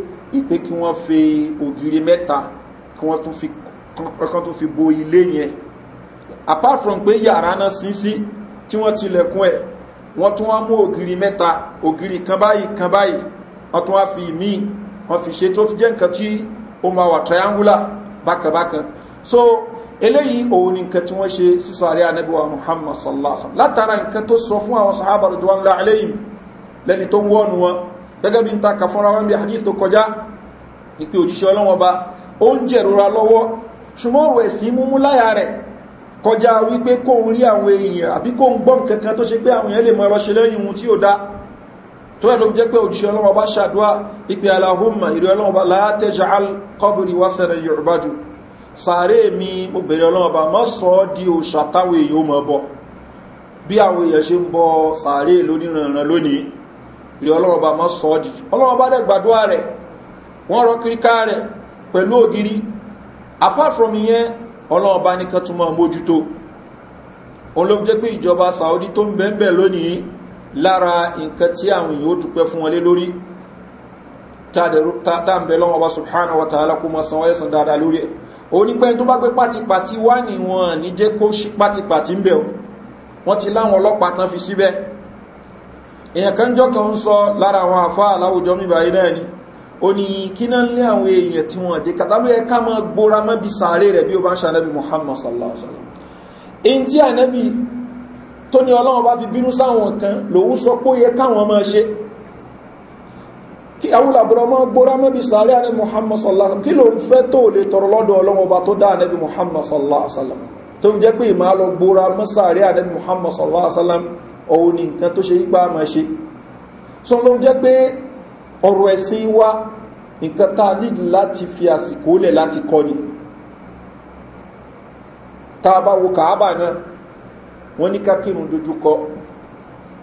S1: ìpé kí wọ́n fi ògiri mẹ́ta kí wọ́n tún fi kankan tún fi bo ilé yẹn apart from pé yàrá náà sí sí tí wọ́n tilẹ̀kùn ẹ̀ wọ́n tún wá mú ògiri mẹ́ta ògiri kan báyìí kan báyìí wọ́n tún wá fi míì wọ́n fi ṣe tó fi jẹ́ nǹkan tí ó máa wà triangular bákanbákan so eléyìí òun ni nǹkan tí wọ́n ṣe sísọ àrí anábíwá muhammad sallallahu alaihi wasallam látara nǹkan tó sọ fún àwọn sahaba rẹ̀ jùlọ aléyìn lẹ́ni tó ń wọ́nu wọn gẹ́gẹ́ bí n ta kà fúnra wọn bí hadith tó kọjá ìpè òjíṣẹ́ ọlọ́wọ́n ba ó ń jẹ̀rora lọ́wọ́ ṣùgbọ́n òwẹ̀ sí múmú láyà rẹ̀ kọjá wípé kó ń rí àwọn èèyàn àbí kó ń gbọ́ nǹkan kan tó ṣe pé àwọn èèyàn lè mọ ẹrọṣẹ lẹ́yìn ohun tí ó dá tó rẹ̀ ló jẹ́ pé òjíṣẹ́ ọlọ́wọ́ bá ṣàdúrà ìpè aláhùnmà ìrẹ́ ọlọ́wọ́ bá látẹ̀jà alkọ́bìnrin wá sẹ́rẹ̀ yorùbá jù sàárè mi obìnrin ọlọ́wọ́ bá mọ́ sọ ọ́ di òṣàtàwé èèyàn mọ̀ bọ̀ bí àwọn èèyàn ṣe ń bọ sàárè lóníranran lónìí lè ọlọ́wọ́ bá mọ́ sọ́ọ́dì ọlọ́wọ́ bá dẹ̀ gbàdúrà rẹ̀ wọ́n rọ kíríká rẹ̀ pẹ̀lú ògiri apart from ìyẹn ọlọ́wọ́ bá ní kan túnmọ̀ mójútó òun ló jẹ́ pé ìjọba saudi tó ń bẹ́ẹ̀ bẹ́ẹ̀ lónìí lára nǹkan tí àwọn èèyàn ó dúpẹ́ fún wọn lé lórí tá ń bẹ subhanahu wa ta'ala kó mọ san wáyé san dáadáa lórí ẹ̀ onípẹ́ tó bá gbé pátipàti wá níwọ̀n ní jẹ́ kó ṣí pátipàti ń bẹ̀ wọ́n ti láwọn ọlọ́pàá kan fi síbẹ̀ èyàn kan jọ kan ń sọ lára àwọn àfá aláwùjọ mìbà iná ẹni ó ní kí náà lé àwọn èèyàn tí wọ́n jẹ́ kàtàlú ẹ ká mọ́ gbóra mọ́ bí sàárè rẹ̀ bí ó bá ń sàánẹ́bí muhammad sallallahu alaihi wasallam in tí ànẹ́bí tó ní ọlọ́run bá fi bínú sáwọn kan lòun sọ pé ó yẹ káwọn mọ́ ṣe kí awúlàbúrọ̀ mọ́ gbóra mọ́ bí sàárè ànẹ́bí muhammad sallallahu alaihi wasallam òun ni nǹkan tó ṣe yípa máa ṣe so ló jẹ́ pé ọ̀rọ̀ ẹ̀sìn wa nǹkan tá a nílò láti fi àsìkò lẹ̀ láti kọ́ ni tá a bá wo kàábà náà wọ́n ní kákírun dojúkọ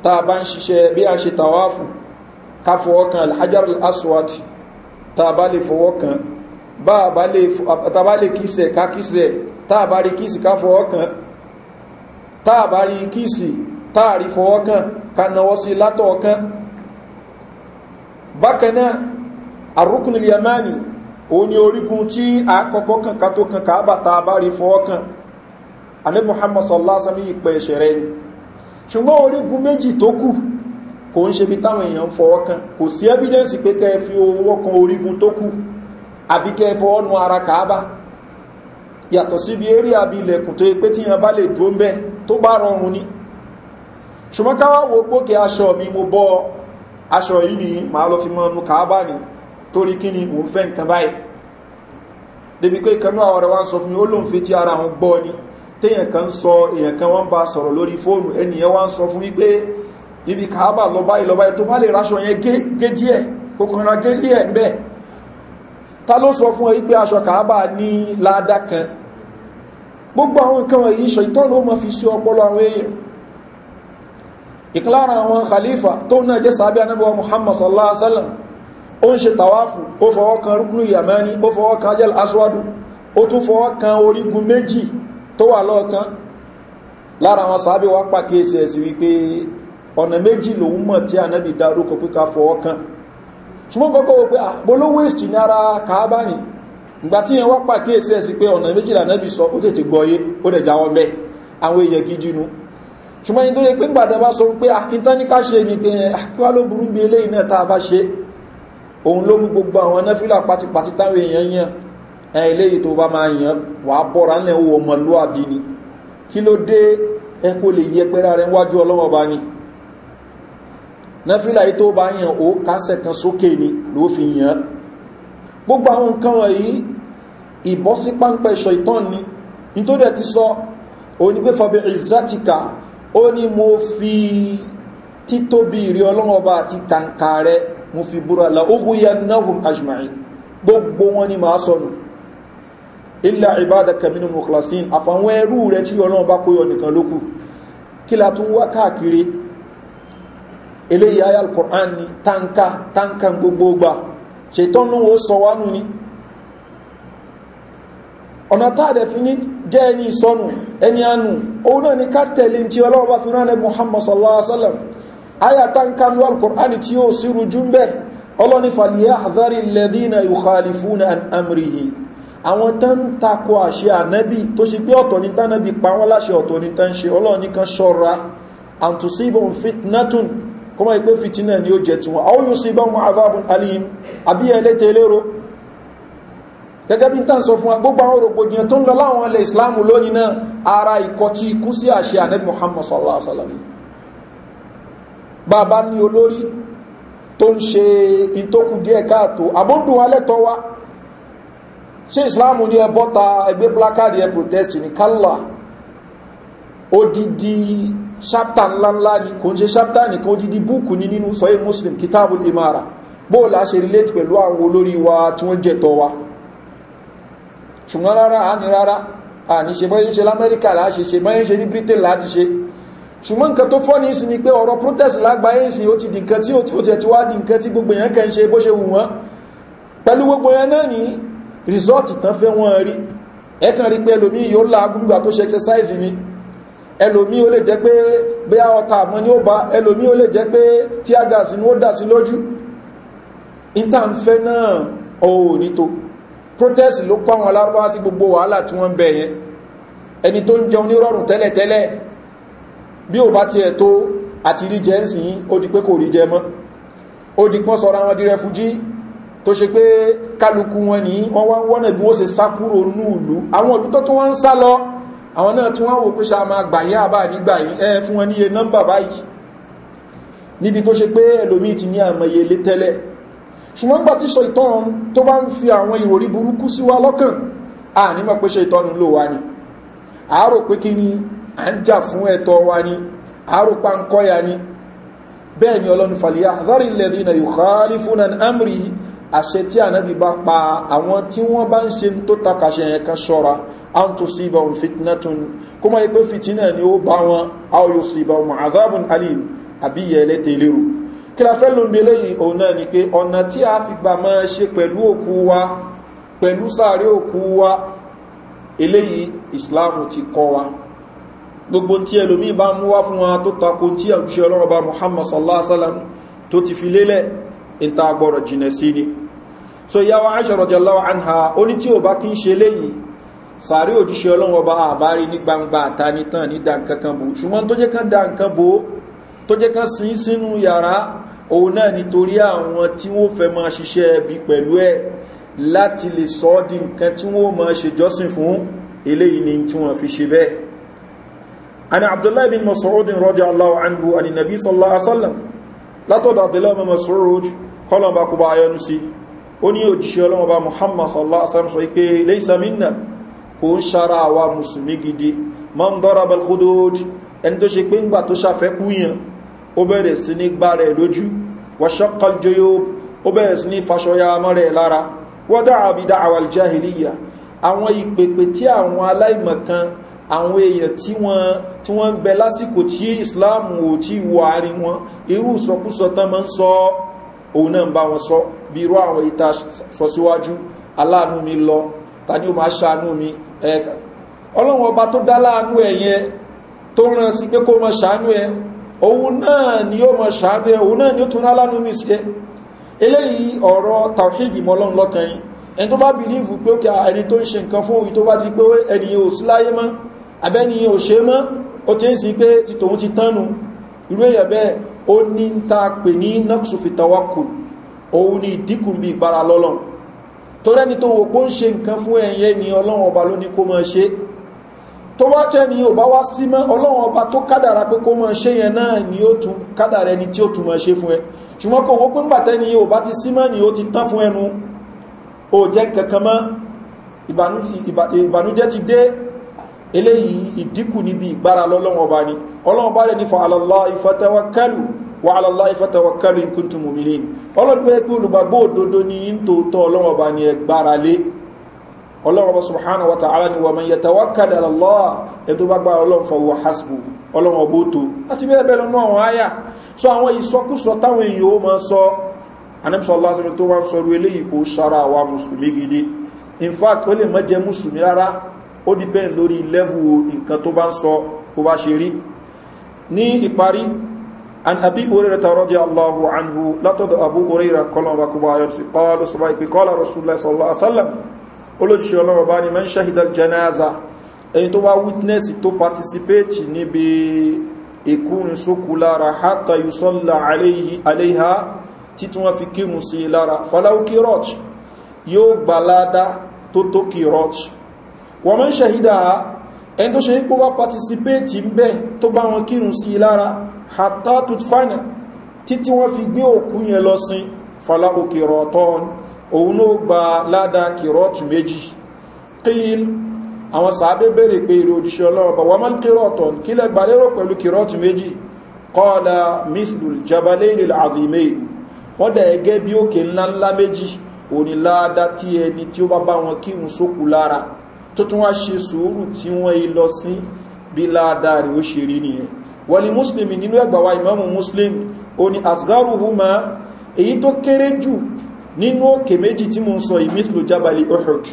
S1: tá ń ṣiṣẹ́ bí a ṣe tàwáàfù ká fọwọ́ aswad tá lè fọwọ́ kan lè kíṣẹ̀ ká kíṣẹ̀ tá rí kíṣì ká fọwọ́ rí kíṣì táàrí fọwọ́ kan ká náwọ́ sí látọ̀ kan àrùkùnlẹ̀ yamani o ní orígun tí a kọ́kọ́ kan ká tó kan káàbà ta bá rí fọwọ́ alẹ́ muhammad sallásán ní ìpẹ́ ẹ̀ṣẹ̀ rẹ ni ṣùgbọ́n orígun méjì tó kù kò ń ṣe bí táwọn èèyàn fọwọ́ kan kò sí evidence pé kẹ́ fi ṣùgbọ́n káwà wo gbókè aṣọ mi mo bọ́ aṣọ yìí ni màá lọ fi mọ́ ọnu kàábà ní torí kí ni mò ń fẹ́ nǹkan báyìí débi pé ìkanú àwọn ọ̀rẹ́ wa ń sọ fún mi ó lóun fi ti ara àwọn gbọ́ ni téèyàn kan sọ èèyàn kan wọ́n bá sọ̀rọ̀ lórí fóònù ẹnìyẹn wá ń sọ fún wípé ibi kàábà lọ báyìí lọ báyìí tó bá lè ráṣọ yẹn gé díẹ̀ kòkòrò gé díẹ̀ ń bẹ́ẹ̀ ta ló sọ fún ẹ wípé aṣọ kàábà ní ládàá kan gbogbo àwọn nǹkan wọ̀nyí ṣètọ́ ló mọ fi sí ọpọlọ àwọn èèyàn ìkìlára àwọn khalifa tó náà sabi sàábí anábíwa muhammad sallallahu alaihi wasallam ó ń ṣe tàwáfù ó fọwọ́ kan rúkúnú yamani o fọwọ́ kan ajẹ́l aswadu o tún fọwọ́ kan orígun méjì tó wà lọ́ọ̀kan lára àwọn sàábí wá ẹ̀sì wípé ọ̀nà méjì lòun mọ̀ tí kan ah, ara kàábà ní ìgbà tí yẹn wá pàkíyèsí ẹ̀sì pé ọ̀nà méjì lànàbì àwọn èèyàn ṣùgbọ́n ní tó yẹ pé gbàdẹ̀ bá sọ ah, pé akíntáníká ah, ṣe ní pé akíwá ló burú bí eléyìí náà tàà bá ṣe òun ló mú gbogbo àwọn nẹ́fílà pátipàti táwọn èèyàn yàn ẹ̀ eléyìí tó bá máa yàn wà á bọ́ra ńlẹ̀ owó ọmọlúwàbí ni kí ló dé ẹ kó lè yẹ pẹ́ra rẹ̀ wájú ọlọ́mọba ni nẹ́fílà yìí tó bá yàn ó kásẹ̀ kan sókè ni ló fi yàn gbogbo àwọn nǹkan wọ̀nyí ìbọ́sí páńpẹ́ ṣọ ìtàn ni nítorí ẹ ti ó ní mo fi títóbi ìrí ọlọ́mọba àti kàǹkà rẹ mo fi búra la ó wúya nahum gbogbo wọn ni màá sọnù ilẹ̀ ìbáda kẹmínú mọ̀kìlásín àfàwọn ẹrú rẹ tí ọlọ́mọba kó yọ nìkan lókù kí la tún wá káàkiri eléyìí ayal ni tanka tanka gbogbo ṣètọ́nù ó sọ wánú ni ọ̀nà táàdẹ̀ fi ní jẹ́ ẹni ìsọnù ẹni anù òun náà ni ká tẹ̀lé tí ọlọ́wọ́ bá fi ránlẹ̀ muhammad sallallahu alaihi wasallam aya tankanu alkur'ani tí yóò sí rujú ń bẹ́ ọlọ́ni fàlìyà àzárí lẹ́dínà yùkàlìfún amrihi àwọn tán ń takọ àṣẹ ànábì tó ṣe pé ọ̀tọ̀ ní tánábì pa wọ́n láṣẹ ọ̀tọ̀ ní tán ṣe ọlọ́ni kan ṣọ́ra àtúnṣíbọn ìpé fitinẹ̀ ni ó jẹ tiwọn àwọn yóò sí ibọn azabun alim àbí ẹlẹ́tẹ̀ẹ́lẹ́rọ gẹ́gẹ́ bí n tàn sọ fún wa gbogbo àwọn rògbòdìyàn tó ń lọ láwọn ilẹ̀ ìsìláàmù lónìí náà ara ìkọtí ikú sí àṣẹ ànẹ́bí muhammad sallallahu alaihi wasallam bàbá ní olórí tó ń ṣe ìtókù díẹ̀ káàtó àbódùn alẹ́tọ́ wa ṣé ìsìláàmù ní ẹbọ́ ẹgbẹ́ plákàdì ẹ protest ní kálà odidi ṣáptà ńláńlá ni kò ń ṣe ṣáptà nìkan odidi búùkù ní nínú sọ́yìn muslim kitabul imara bóòlù àṣẹ relate pẹ̀lú àwọn olórí wa tí wọ́n jẹ̀tọ̀ wa ṣùgbọ́n rárá a ní rárá a ní ṣe bọ́yí ṣe lamẹ́ríkà láṣe ṣe bọ́yí ṣe ní britain láti ṣe ṣùgbọ́n nǹkan tó fọ́ni sí ni pé ọ̀rọ̀ protest lágbàáyé sí ó ti di nǹkan tí ó ti resort tán fẹ́ wọ́n rí ẹ̀kan rí pé ẹlòmí exercise ni ẹlòmí ó lè jẹ́ pé bí ọkà àmọ́ ni ó bá ẹlòmí ó lè jẹ́ pé tí a ò ní tó protest ló kọ́ àwọn alárúbáwá sí gbogbo wàhálà tí wọ́n ń bẹ̀ yẹn ẹni tó ń jẹun ní rọrùn tẹ́lẹ̀tẹ́lẹ̀ bí ò bá tiẹ̀ tó àti rí jẹ́ ń sìn ó di pé kò rí jẹ mọ́ ó di pọ́n sọ̀rọ̀ àwọn di rẹfújí tó ṣe pé kálukú wọn ní wọ́n wá ń wọ́nà bí wọ́n se sá ní ìlú àwọn òbí tó wọ́n sá lọ àwọn náà tún wọ́n wò pé ṣá máa gbà yá àbá àdígbà yìí ẹ fún wọn níye nọ́mbà báyìí níbi tó ṣe pé ẹlòmíì ti ní àmọye lé tẹ́lẹ̀ ṣùgbọ́n gbà tí ṣe ìtàn tó bá ń fi àwọn ìròrí burúkú sí wa lọ́kàn a ní mọ̀ pé ṣe ìtọ́nu ló wa ni àárò pé kí ni à ń jà fún ẹ̀tọ́ wa ni àárò pa ń kọ́ya ni bẹ́ẹ̀ ni ọlọ́nu fàlíyà àdárì na amri àṣẹ tí ànábì bá pa àwọn tí wọ́n bá ń ṣe tó takàṣẹ yẹn fitina ni ó bá wọn àwọn yóò alim àbí kí la fẹ́ ló ń belé yìí òun náà ni pé ọ̀nà tí a fi gbà máa ṣe pẹ̀lú òkú wa pẹ̀lú sáré òkú wa eléyìí ìsìláàmù ti kọ́ wa gbogbo tí ẹlòmí bá mú wá fún wa tó tako tí ẹ̀kùṣẹ́ ọlọ́rọ̀ muhammad sallallahu alaihi wasallam tó ti fi lélẹ̀ ìta agbọ̀rọ̀ jìnà sí ni so yàwó aṣọ́rọ̀ jẹ́láwà anha ó ní tí ò bá kí ń ṣe léyìí sàárè òjíṣẹ́ ọlọ́rọ̀ bá àbárí ní gbangba àtànitàn ní dankankan tó jẹ́ kán sin sínú yàrá òun náà nítorí àwọn tí wọ́n fẹ́ máa ṣiṣẹ́ ẹbí pẹ̀lú ẹ̀ láti lè sọ ọ́ di nǹkan tí wọ́n máa ṣèjọ́sìn fún eléyìí ni tí wọ́n fi ṣe bẹ́ẹ̀ عن عبد الله بن مسعود رضي الله عنه عن النبي صلى الله عليه وسلم لا تدع عبد الله بن مسعود قال ما كبا ينسي ó ní òjíṣẹ́ ọlọ́wọ́ bá muhammad sallallahu alaihi wasallam sọ ipé lẹ́sàmínà kò ń ṣara àwa musulmi gidi ma ń dọ́ra belkhudoj ẹni tó ṣe pé ń gbà tó ṣàfẹ́kú yàn ó bẹ̀rẹ̀ sí ní gbá rẹ̀ lójú wàṣọ́kọ̀ jẹ́yó ó bẹ̀rẹ̀ sí ní fàṣọyà mọ́ rẹ̀ lára wọ́dá àbídá àwọn jahiliya àwọn ìpèpè tí àwọn aláìmọ̀kan àwọn èèyàn tí wọ́n ń bẹ lásìkò tí ìsìláàmù ò tí wọ àárín wọn irú sọkúsọ tán mọ́ ń sọ òun náà bá wọn sọ bí irú àwọn ìta sọ aláàánú mi lọ ta ó máa ṣàánú mi ẹ̀ẹ́kà ọlọ́run ọba tó dá láàánú ẹ̀yẹn tó rán sí pé kó mọ́ ṣàánú ẹ̀ òun náà ni ó mọ̀ ṣàárẹ̀ òun náà ni ó tún rálánú mi sí ẹ eléyìí ọ̀rọ̀ tàwíìdì mọ́lọ́n lọ́kànrí ẹni tó bá bìlíìfù pé ókè ẹni tó ń ṣe nǹkan fún òyìn tó bá ti pé ẹni ò sí láyé mọ́ abẹ́ni ò ṣe mọ́ ó ti ń sí pé ti tòun ti tánu irú èyàn bẹ́ẹ̀ ó ní ń ta pè ní nọ́ksùfìtàwákù òun ni ìdínkù bí ìgbára lọ́lọ́n tó tó wò pó ń ṣe nǹkan fún ẹ̀yẹ ni ọlọ́run ọba ló ní kó mọ́ ṣe tó bá jẹ́ ni ò bá wá sí mọ́ ọlọ́run ọba tó kádàrà pé kó mọ́ ṣe yẹn náà ni ó tún kádàrà ẹni tí ó tún mọ́ ṣe fún ẹ ṣùgbọ́n kò wọ́n pàtẹ́ ni ò bá ti sí mọ́ ni ó ti tán fún ẹnu ò jẹ́ kankan mọ́ ìbànújẹ́ ti dé eléyìí ìdínkù níbi ìgbára lọ́lọ́run ọba ni ọlọ́run ọba rẹ̀ ní fa alọ́lá ìfọ́tẹ́wọ́ kẹ́lù wà aláàlá ìfọ́tẹ́wọ́ kẹ́lù ìkúntùmùmìlín ọlọ́run subhanahu wa ta'ala ni wa man yatawakkal ala Allah ẹ̀tọ́ bá gbára ọlọ́run fọwọ́ hasbu ọlọ́run ọbó tó àti bẹ́ẹ̀ bẹ́ẹ̀ lọ́nà àwọn àyà sọ àwọn ìsọkúsọ táwọn èèyàn ó máa sọ anẹ́bùsọ lásìmí tó wọ́n sọ eléyìí fact ó lè má jẹ mùsùlùmí rárá ó di bẹ́ẹ̀ lórí lẹ́vù nǹkan tó bá ń sọ kó bá ṣe rí ní ìparí an abi hurairah radiyallahu anhu látọ̀dọ̀ abu hurairah kọlọ̀ wa kó bá yọ sí kọ́lọ̀ sọ olójíṣẹ́ ọlọ́run bá ní mẹ́ṣẹ́ hidal janaza ẹni tó wá witness tó participate níbi ìkúrin sókú lára hátà yusọ́lá aléha títí wọ́n fi kírun sí lára falau kirot yóò gbà ládá tó tó kirot wọ́n mẹ́ṣẹ́ hidá ẹni tó ṣe ń pọ́wá participate ń bẹ́ tó bá wọn kírun sí lára hátà tutfana títí wọ́n fi gbé òkú yẹn lọ sí falau kirotọ́ni òun ló gba ládá kìrọ́ọ̀tù méjì kíl àwọn sàábé bèèrè pé ìrò òjíṣẹ́ ọlọ́run bá wọ́n kìrọ́ọ̀tọ̀ kílẹ̀ gbàlérò pẹ̀lú kìrọ́ọ̀tù méjì kọ́ọ̀lá mithlul jabalẹ́lẹ̀ azimei wọ́n dẹ̀ ẹgẹ́ bí òkè ńláńlá méjì òní ládá tí ẹni tí ó bá bá wọn kí ń sókù lára tó tún wá ṣe sùúrù wọ́n yí muslim nínú ẹgbàwá ìmọ́mù muslim òní nínú òkè méjì tí mo ń sọ ìmísìlò jábàlì uhud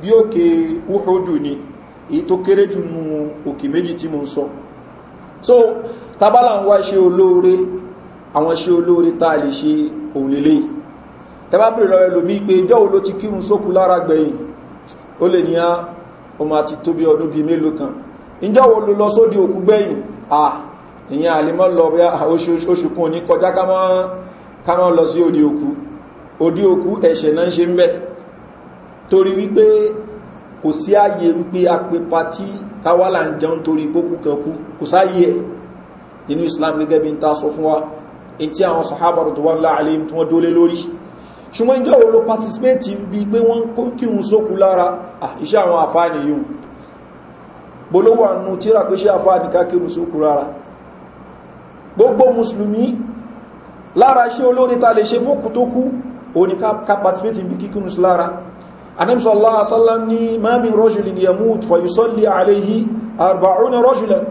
S1: bí òkè uhudu ni èyí tó kéré jù nù òkè méjì tí mo ń sọ so tabala ń wá ṣe olóore àwọn ṣe olóore tá a lè ṣe òun lélẹ̀ tẹ́bá bèrè lọ ẹlòmí pé ìjọ́ wo ló ti kírun sókù lára gbẹ̀yìn ó lè ní á ọmọ àti tóbi ọdún bíi mélòó kan ìjọ́ wo ló lọ sóde òkú gbẹ̀yìn à ìyẹn àlemọ́ lọ bí oṣù kan ní kọjá ká mọ́ lọ sí òde òkú òdí òkú ẹ̀ṣẹ̀ náà ṣe ń bẹ̀ torí wípé kò sí ààyè wípé a pe patí káwálà ń jẹun torí pókù kan kú kò sáàyè ẹ̀ nínú islam gẹ́gẹ́ bí n ta sọ fún wa in tí àwọn sọ̀hábàrù tó wà láàrín tí wọ́n dólé lórí ṣùgbọ́n ìjọ wo ló patisipéètì bí pé wọ́n kó kí n sókú lára iṣẹ́ àwọn àfáàní yìí bolówó àánú tíra pé ṣe àfáàní kákírù sókú lára gbogbo musulmi lára ṣe olórin lè ṣe fókù tó kú òní ká participate bí kíkún lára anẹ́bísọ̀ aláàsọ́lá ní mami rọ́jùlì ní yamud fayusọ́lì àlèyí àrbàrún rọ́jùlẹ̀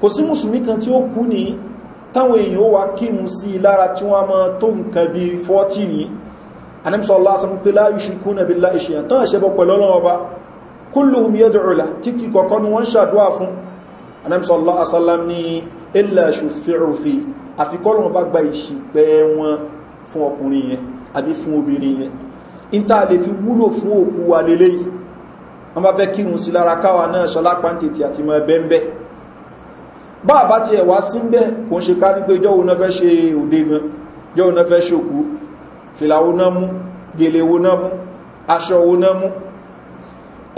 S1: kò sí musulmi kan tí ó kú ní táwọn èèyàn wà kírun sí lára tí wọ́n mọ́ tó nǹkan bí 14 ní anẹ́bísọ̀ aláàsọ́lá pé láyúṣùkú nàbí láìṣẹ̀yàn tán àṣẹ́bọ̀ pẹ̀lú ọlọ́wọ́ kulluhum yad'ula tiki kokon won shadua fun anam sallallahu alaihi wasallam ni illa shufi'u fi afi kolon ba gba isipe won fún ọkùnrin yẹn àbí fún obìnrin yẹn níta lè fi wúlò fún òkú wa lélẹ́yìí wọ́n bá fẹ́ kírun sí lára káwa náà ṣọlá pàǹtẹ̀tì àti mọ́ ẹbẹ́ ń bẹ́ bá àbá ti ẹ̀wá sí ń bẹ́ kò ń ṣe ká ní pé jọ́wọ́ náà fẹ́ ṣe òde gan jọ́wọ́ náà fẹ́ ṣòkú fìlàwó náà mú gèlèwó náà mú aṣọ́wó náà mú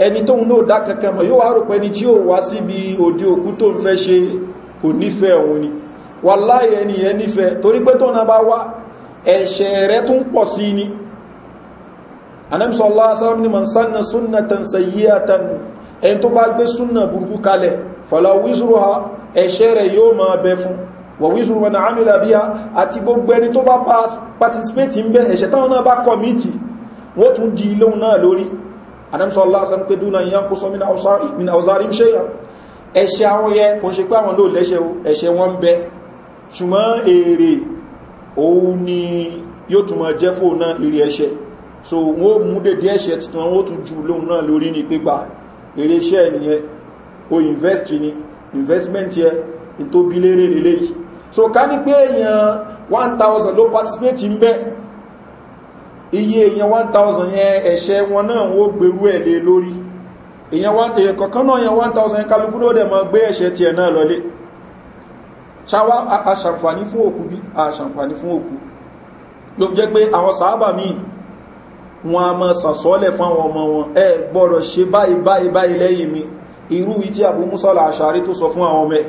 S1: ẹni tó ń dá kankan mọ̀ yóò wá rò pé ẹni tí ó wá síbi òde òkú tó ń fẹ́ ṣe kò nífẹ̀ẹ́ òun ni wà láyé ẹni yẹn nífẹ̀ẹ́ torí pé tó náà bá wá ẹ̀ṣẹ̀ rẹ tún pọ̀ sí ni anẹ́bísọ́lá sáwọn ni man sanna súnna tan sayi atan ẹni tó bá gbé súnna burúkú kalẹ̀ fọ́lá wíṣúrò ha ẹ̀ṣẹ́ rẹ̀ yóò ma bẹ fún wọ̀ wíṣúrò wọn àmìlà bí i àti gbogbo ẹni tó bá participate ń bẹ ẹ̀ṣẹ̀ táwọn náà bá kọmítì wọ́n òun ni yóò tún mọ jẹ́ fóun náà eré ẹṣẹ́ so wọ́n mú dédé ẹṣẹ́ tuntun wọ́n tún ju lóun náà lórí ní pípa eré o invest ni investment yẹ n tó bí so ká ní pé èèyàn one thousand ló participate ń iye eyan 1000 yẹn ẹ̀ṣẹ́ wọn náà wó gbèrú ẹ̀ lé lórí èyàn kọ̀kan náà yẹn 1000 yẹn kálukú ló dẹ̀ mọ́ ti náà lọlé ṣáwá aṣàǹfàní fún òkú bí aṣàǹfàní fún òkú ló jẹ́ pé àwọn sàábà míì wọn a mọ́ sàsọ́lẹ̀ fáwọn ọmọ wọn ẹ gbọ́rọ̀ ṣe báyìí báyìí lẹ́yìn mi irú ìtí àbú músọ́lá àṣàrí tó sọ fún àwọn ọmọ ẹ̀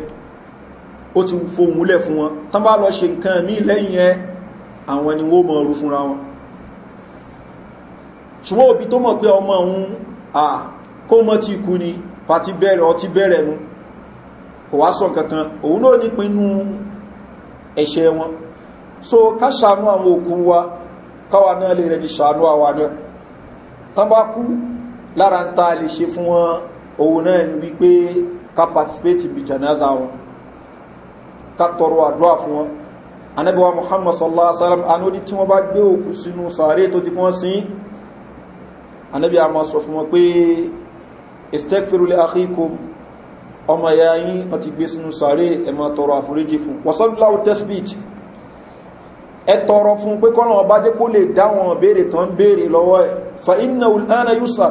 S1: ó ti fohùnlẹ̀ fún wọn tán bá lọ ṣe nǹkan mí lẹ́yìn ẹ àwọn ni wó mọ̀ ọrú fúnra wọn ṣùgbọ́n òbí tó mọ̀ pé ọmọ òun à kó mọ́ ti kú ni pàti bẹ̀rẹ̀ ọtí bẹ̀rẹ̀ nu kò wá sọ kankan òun náà ní pinnu ẹ̀ṣẹ̀ wọn so ká ṣàánú àwọn òkú wa káwa náà lè rẹ̀ ní ṣàánú àwa náà tán bá kú lára ń ta lè ṣe fún wọn òun náà ní wípé ká participate bí janaza wọn ká tọrọ àdúrà fún wọn anábíwá muhammad sallallahu alaihi wasallam anodi tí wọ́n bá gbé òkú sínú sàárè tó ti pọ́n sí anábíwá máa sọ fún wọn pé istekfirule akhikum ọmọ ya yín wọ́n ti gbé sínú sàárè ẹ̀mọ́ tọrọ àforíjì fún wọ́sọ́láwò tẹ́sbìt ẹ tọrọ fún pé kọ́nà ọba jẹ́ kó lè dáwọn béèrè tán béèrè lọ́wọ́ ẹ̀ fa iná ulana yusa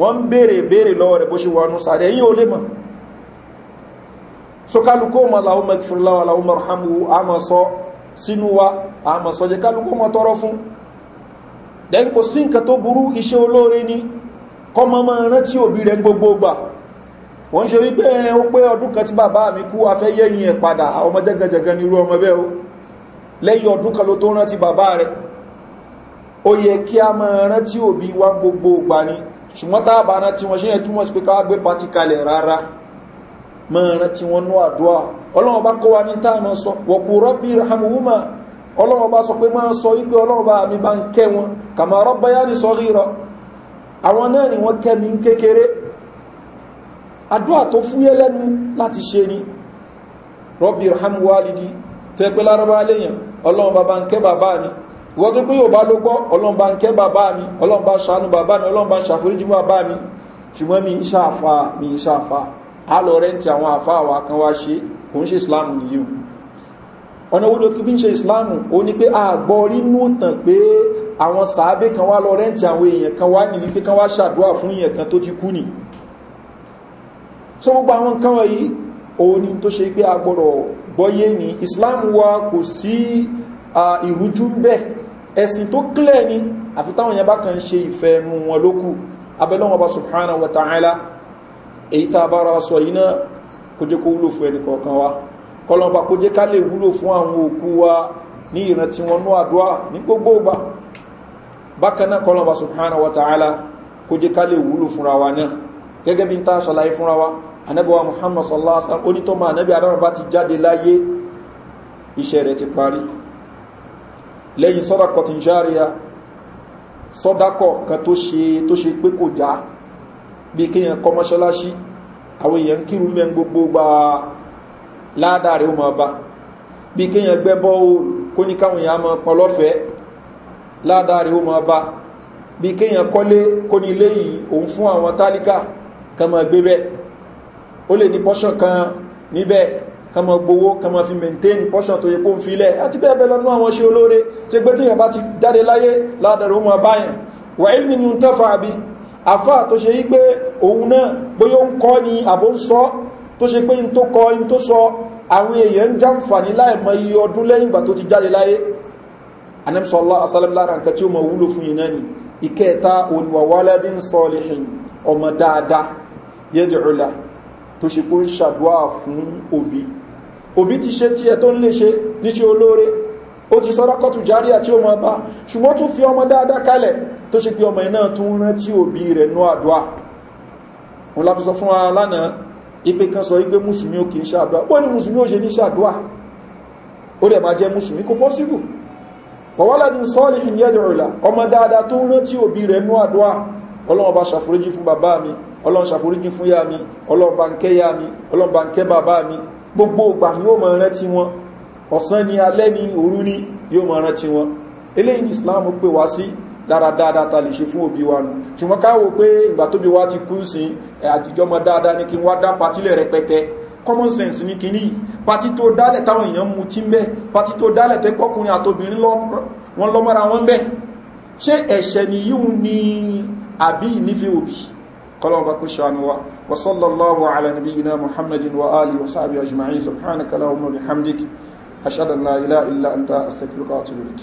S1: wọ́n béèrè béèrè lọ́wọ́ rẹ̀ bó ṣe wà nù sàárè yín ò lè mọ̀ so kálukó wọ́n ṣe wípé ó pé ọdún kan tí bàbá mi kú afẹ́ yẹ́yìn ẹ̀ padà ọmọ jẹ́gẹjẹgẹ nírú ọmọ bẹ́ẹ̀ o lẹ́yìn ọdún kan ló tó rántí bàbá rẹ̀ ó yẹ kí a mọ̀ rántí òbí wa gbogbo ìgbà ni ṣùgbọ́n tá bá rántí wọn ṣe yẹn túnmọ̀ sí pé ká gbé pati kalẹ̀ rárá mọ̀ rántí wọn wọ́n kẹ́ mi ń àdúrà tó fúyẹ́ lẹ́nu láti ṣe ni rọ́bì raham walidi tẹ́ pé lárọ́bá léyàn ọlọ́run bàbá ń kẹ́ bàbá mi wọ́n tó pé yóò bá ló gbọ́ ọlọ́run bá ń kẹ́ bàbá mi ọlọ́run bá ṣàánú bàbá mi ọlọ́run bá ń ṣàforíjì bàbá mi ṣùgbọ́n mi ń ṣàfà mi ń ṣàfà á lọ rẹ́ǹtì àwọn àfà àwà ọ̀nà owó lókè fi ń ṣe islam ó ní pé àgbọ̀ rí tàn pé àwọn sàábé kan wá lọ rẹ́ǹtì àwọn èèyàn kan wá nìyí pé kan wá ṣàdúrà fún èèyàn kan tó ti kú nìyí so gbogbo àwọn nǹkan wọ̀nyí òun ni tó ṣe pé agbọ́rọ̀ gbọ́yé ni islam wa kò sí ìrújú ń bẹ̀ ẹ̀sìn tó kílẹ̀ ni àfi yẹn bá kàn ṣe ìfẹ́ ẹnu wọn lókù abẹ́lọ́wọ́n bá wa ta'ala èyí tá a bá ra sọ yìí náà kó jẹ́ kó wúlò fún ẹnì kọ̀ọ̀kan wa kọlọ́mbà kó jẹ́ ká lè wúlò wa subhanahu wa ta'ala kó jẹ́ ká lè wúlò fúnra wa náà gẹ́gẹ́ bí n ta ṣàlàyé fúnra wa anábọ̀wá muhammad sallallahu alaihi wasallam onítọ́mọ̀ anábì adama bá ti jáde láyé iṣẹ́ rẹ̀ ti parí lẹ́yìn sọ́dakọ̀ tí ń ṣáríya sọ́dakọ̀ kan tó ṣe tó ṣe pé kò já bí kíyàn kọ́ mọ́ṣáláṣí àwọn èèyàn kírù mẹ́ gbogbo gba ládàá rẹ̀ ó máa bá ó lè ní pọ́ṣọ̀ kan níbẹ̀ kan mọ gbowó kan mọ fi maintain pọ́ṣọ̀ tó yẹ kó ń filẹ̀ àti bẹ́ẹ̀ bẹ́ẹ̀ lọ́nà àwọn ṣe olóore tó gbé tí ìyàbá ti jáde láyé ládàrú mọ báyàn wà ilmi ni tẹ́fà àbí àfà tó ṣe yí pé òun náà bóyá ń kọ́ ni àbó ń sọ tó ṣe pé in tó kọ in tó sọ àwọn èèyàn ń jàǹfààní láìmọ iye ọdún lẹ́yìn ìgbà tó ti jáde láyé anamsọ́lá asálẹ́mìlára nǹkan tí ó mọ̀ wúlò fún iná ni ìkẹta oníwàwálẹ́dín sọ́ọ̀lẹ́hìn ọmọ dáadáa yẹ́dìrúlá tó ṣe kó ń ṣàdúwà fún òbí òbí ti ṣe tí ẹ tó ń lè ṣe níṣẹ́ olóore ó ti sọ́rọ́kọ́tù járí àti ọmọ ọba ṣùgbọ́n tún fi ọmọ dáadáa kalẹ̀ tó ṣe pé ọmọ iná tún rántí òbí rẹ̀ nú àdúà wọn láti sọ fún wa lánàá ipe kan sọ wípé mùsùlùmí ò kì í ṣàdúà wọ́n ni mùsùlùmí ò ṣe ní ṣàdúà ó rẹ̀ máa jẹ́ mùsùlùmí kò pọ́síbù wọ́wọ́lá ti sọ́ọ̀lì ìyẹ́dọ̀rọ̀lá ọmọ dáadáa tó ń rántí òbí rẹ̀ nú àdúà ọlọ́run bá ṣàforíjì fún bàbá mi ọlọ́run ṣàforíjì fún yá mi ọlọ́run bá ń kẹ́ yá mi ọlọ́run bá ń kẹ́ bàbá mi gbogbo ògbà ni yóò mọ̀ rántí wọn ọ̀sán ni alẹ́ ni òru ni yóò mọ̀ rántí wọn eléyìí ni islam pè wá sí lára dáadáa ta lè ṣe fún òbí wa nù ṣùgbọ́n káwò pé ìgbà tóbi wa ti kú sí àtijọ́ mọ́ dáadáa ni kí wá dá patílẹ̀ rẹpẹtẹ common sense ní kíní yìí pati tó dálẹ̀ táwọn èèyàn mú tí ń bẹ́ pati tó dálẹ̀ tó pọ́kùnrin àtobìnrin wọn lọ́mọ́ra wọn bẹ́ ṣé ẹ̀ṣẹ̀ nìyíhun ni àbí ìnífẹ́ òbí kọlọ́ọ̀bá kó ṣàánú wa wasallallahu ala nabiyyina muhammadin wa ali wa sahbihi ajma'in subhanaka lahumma bihamdik ashhadu an la ilaha illa anta astaghfiruka wa atubu ilayk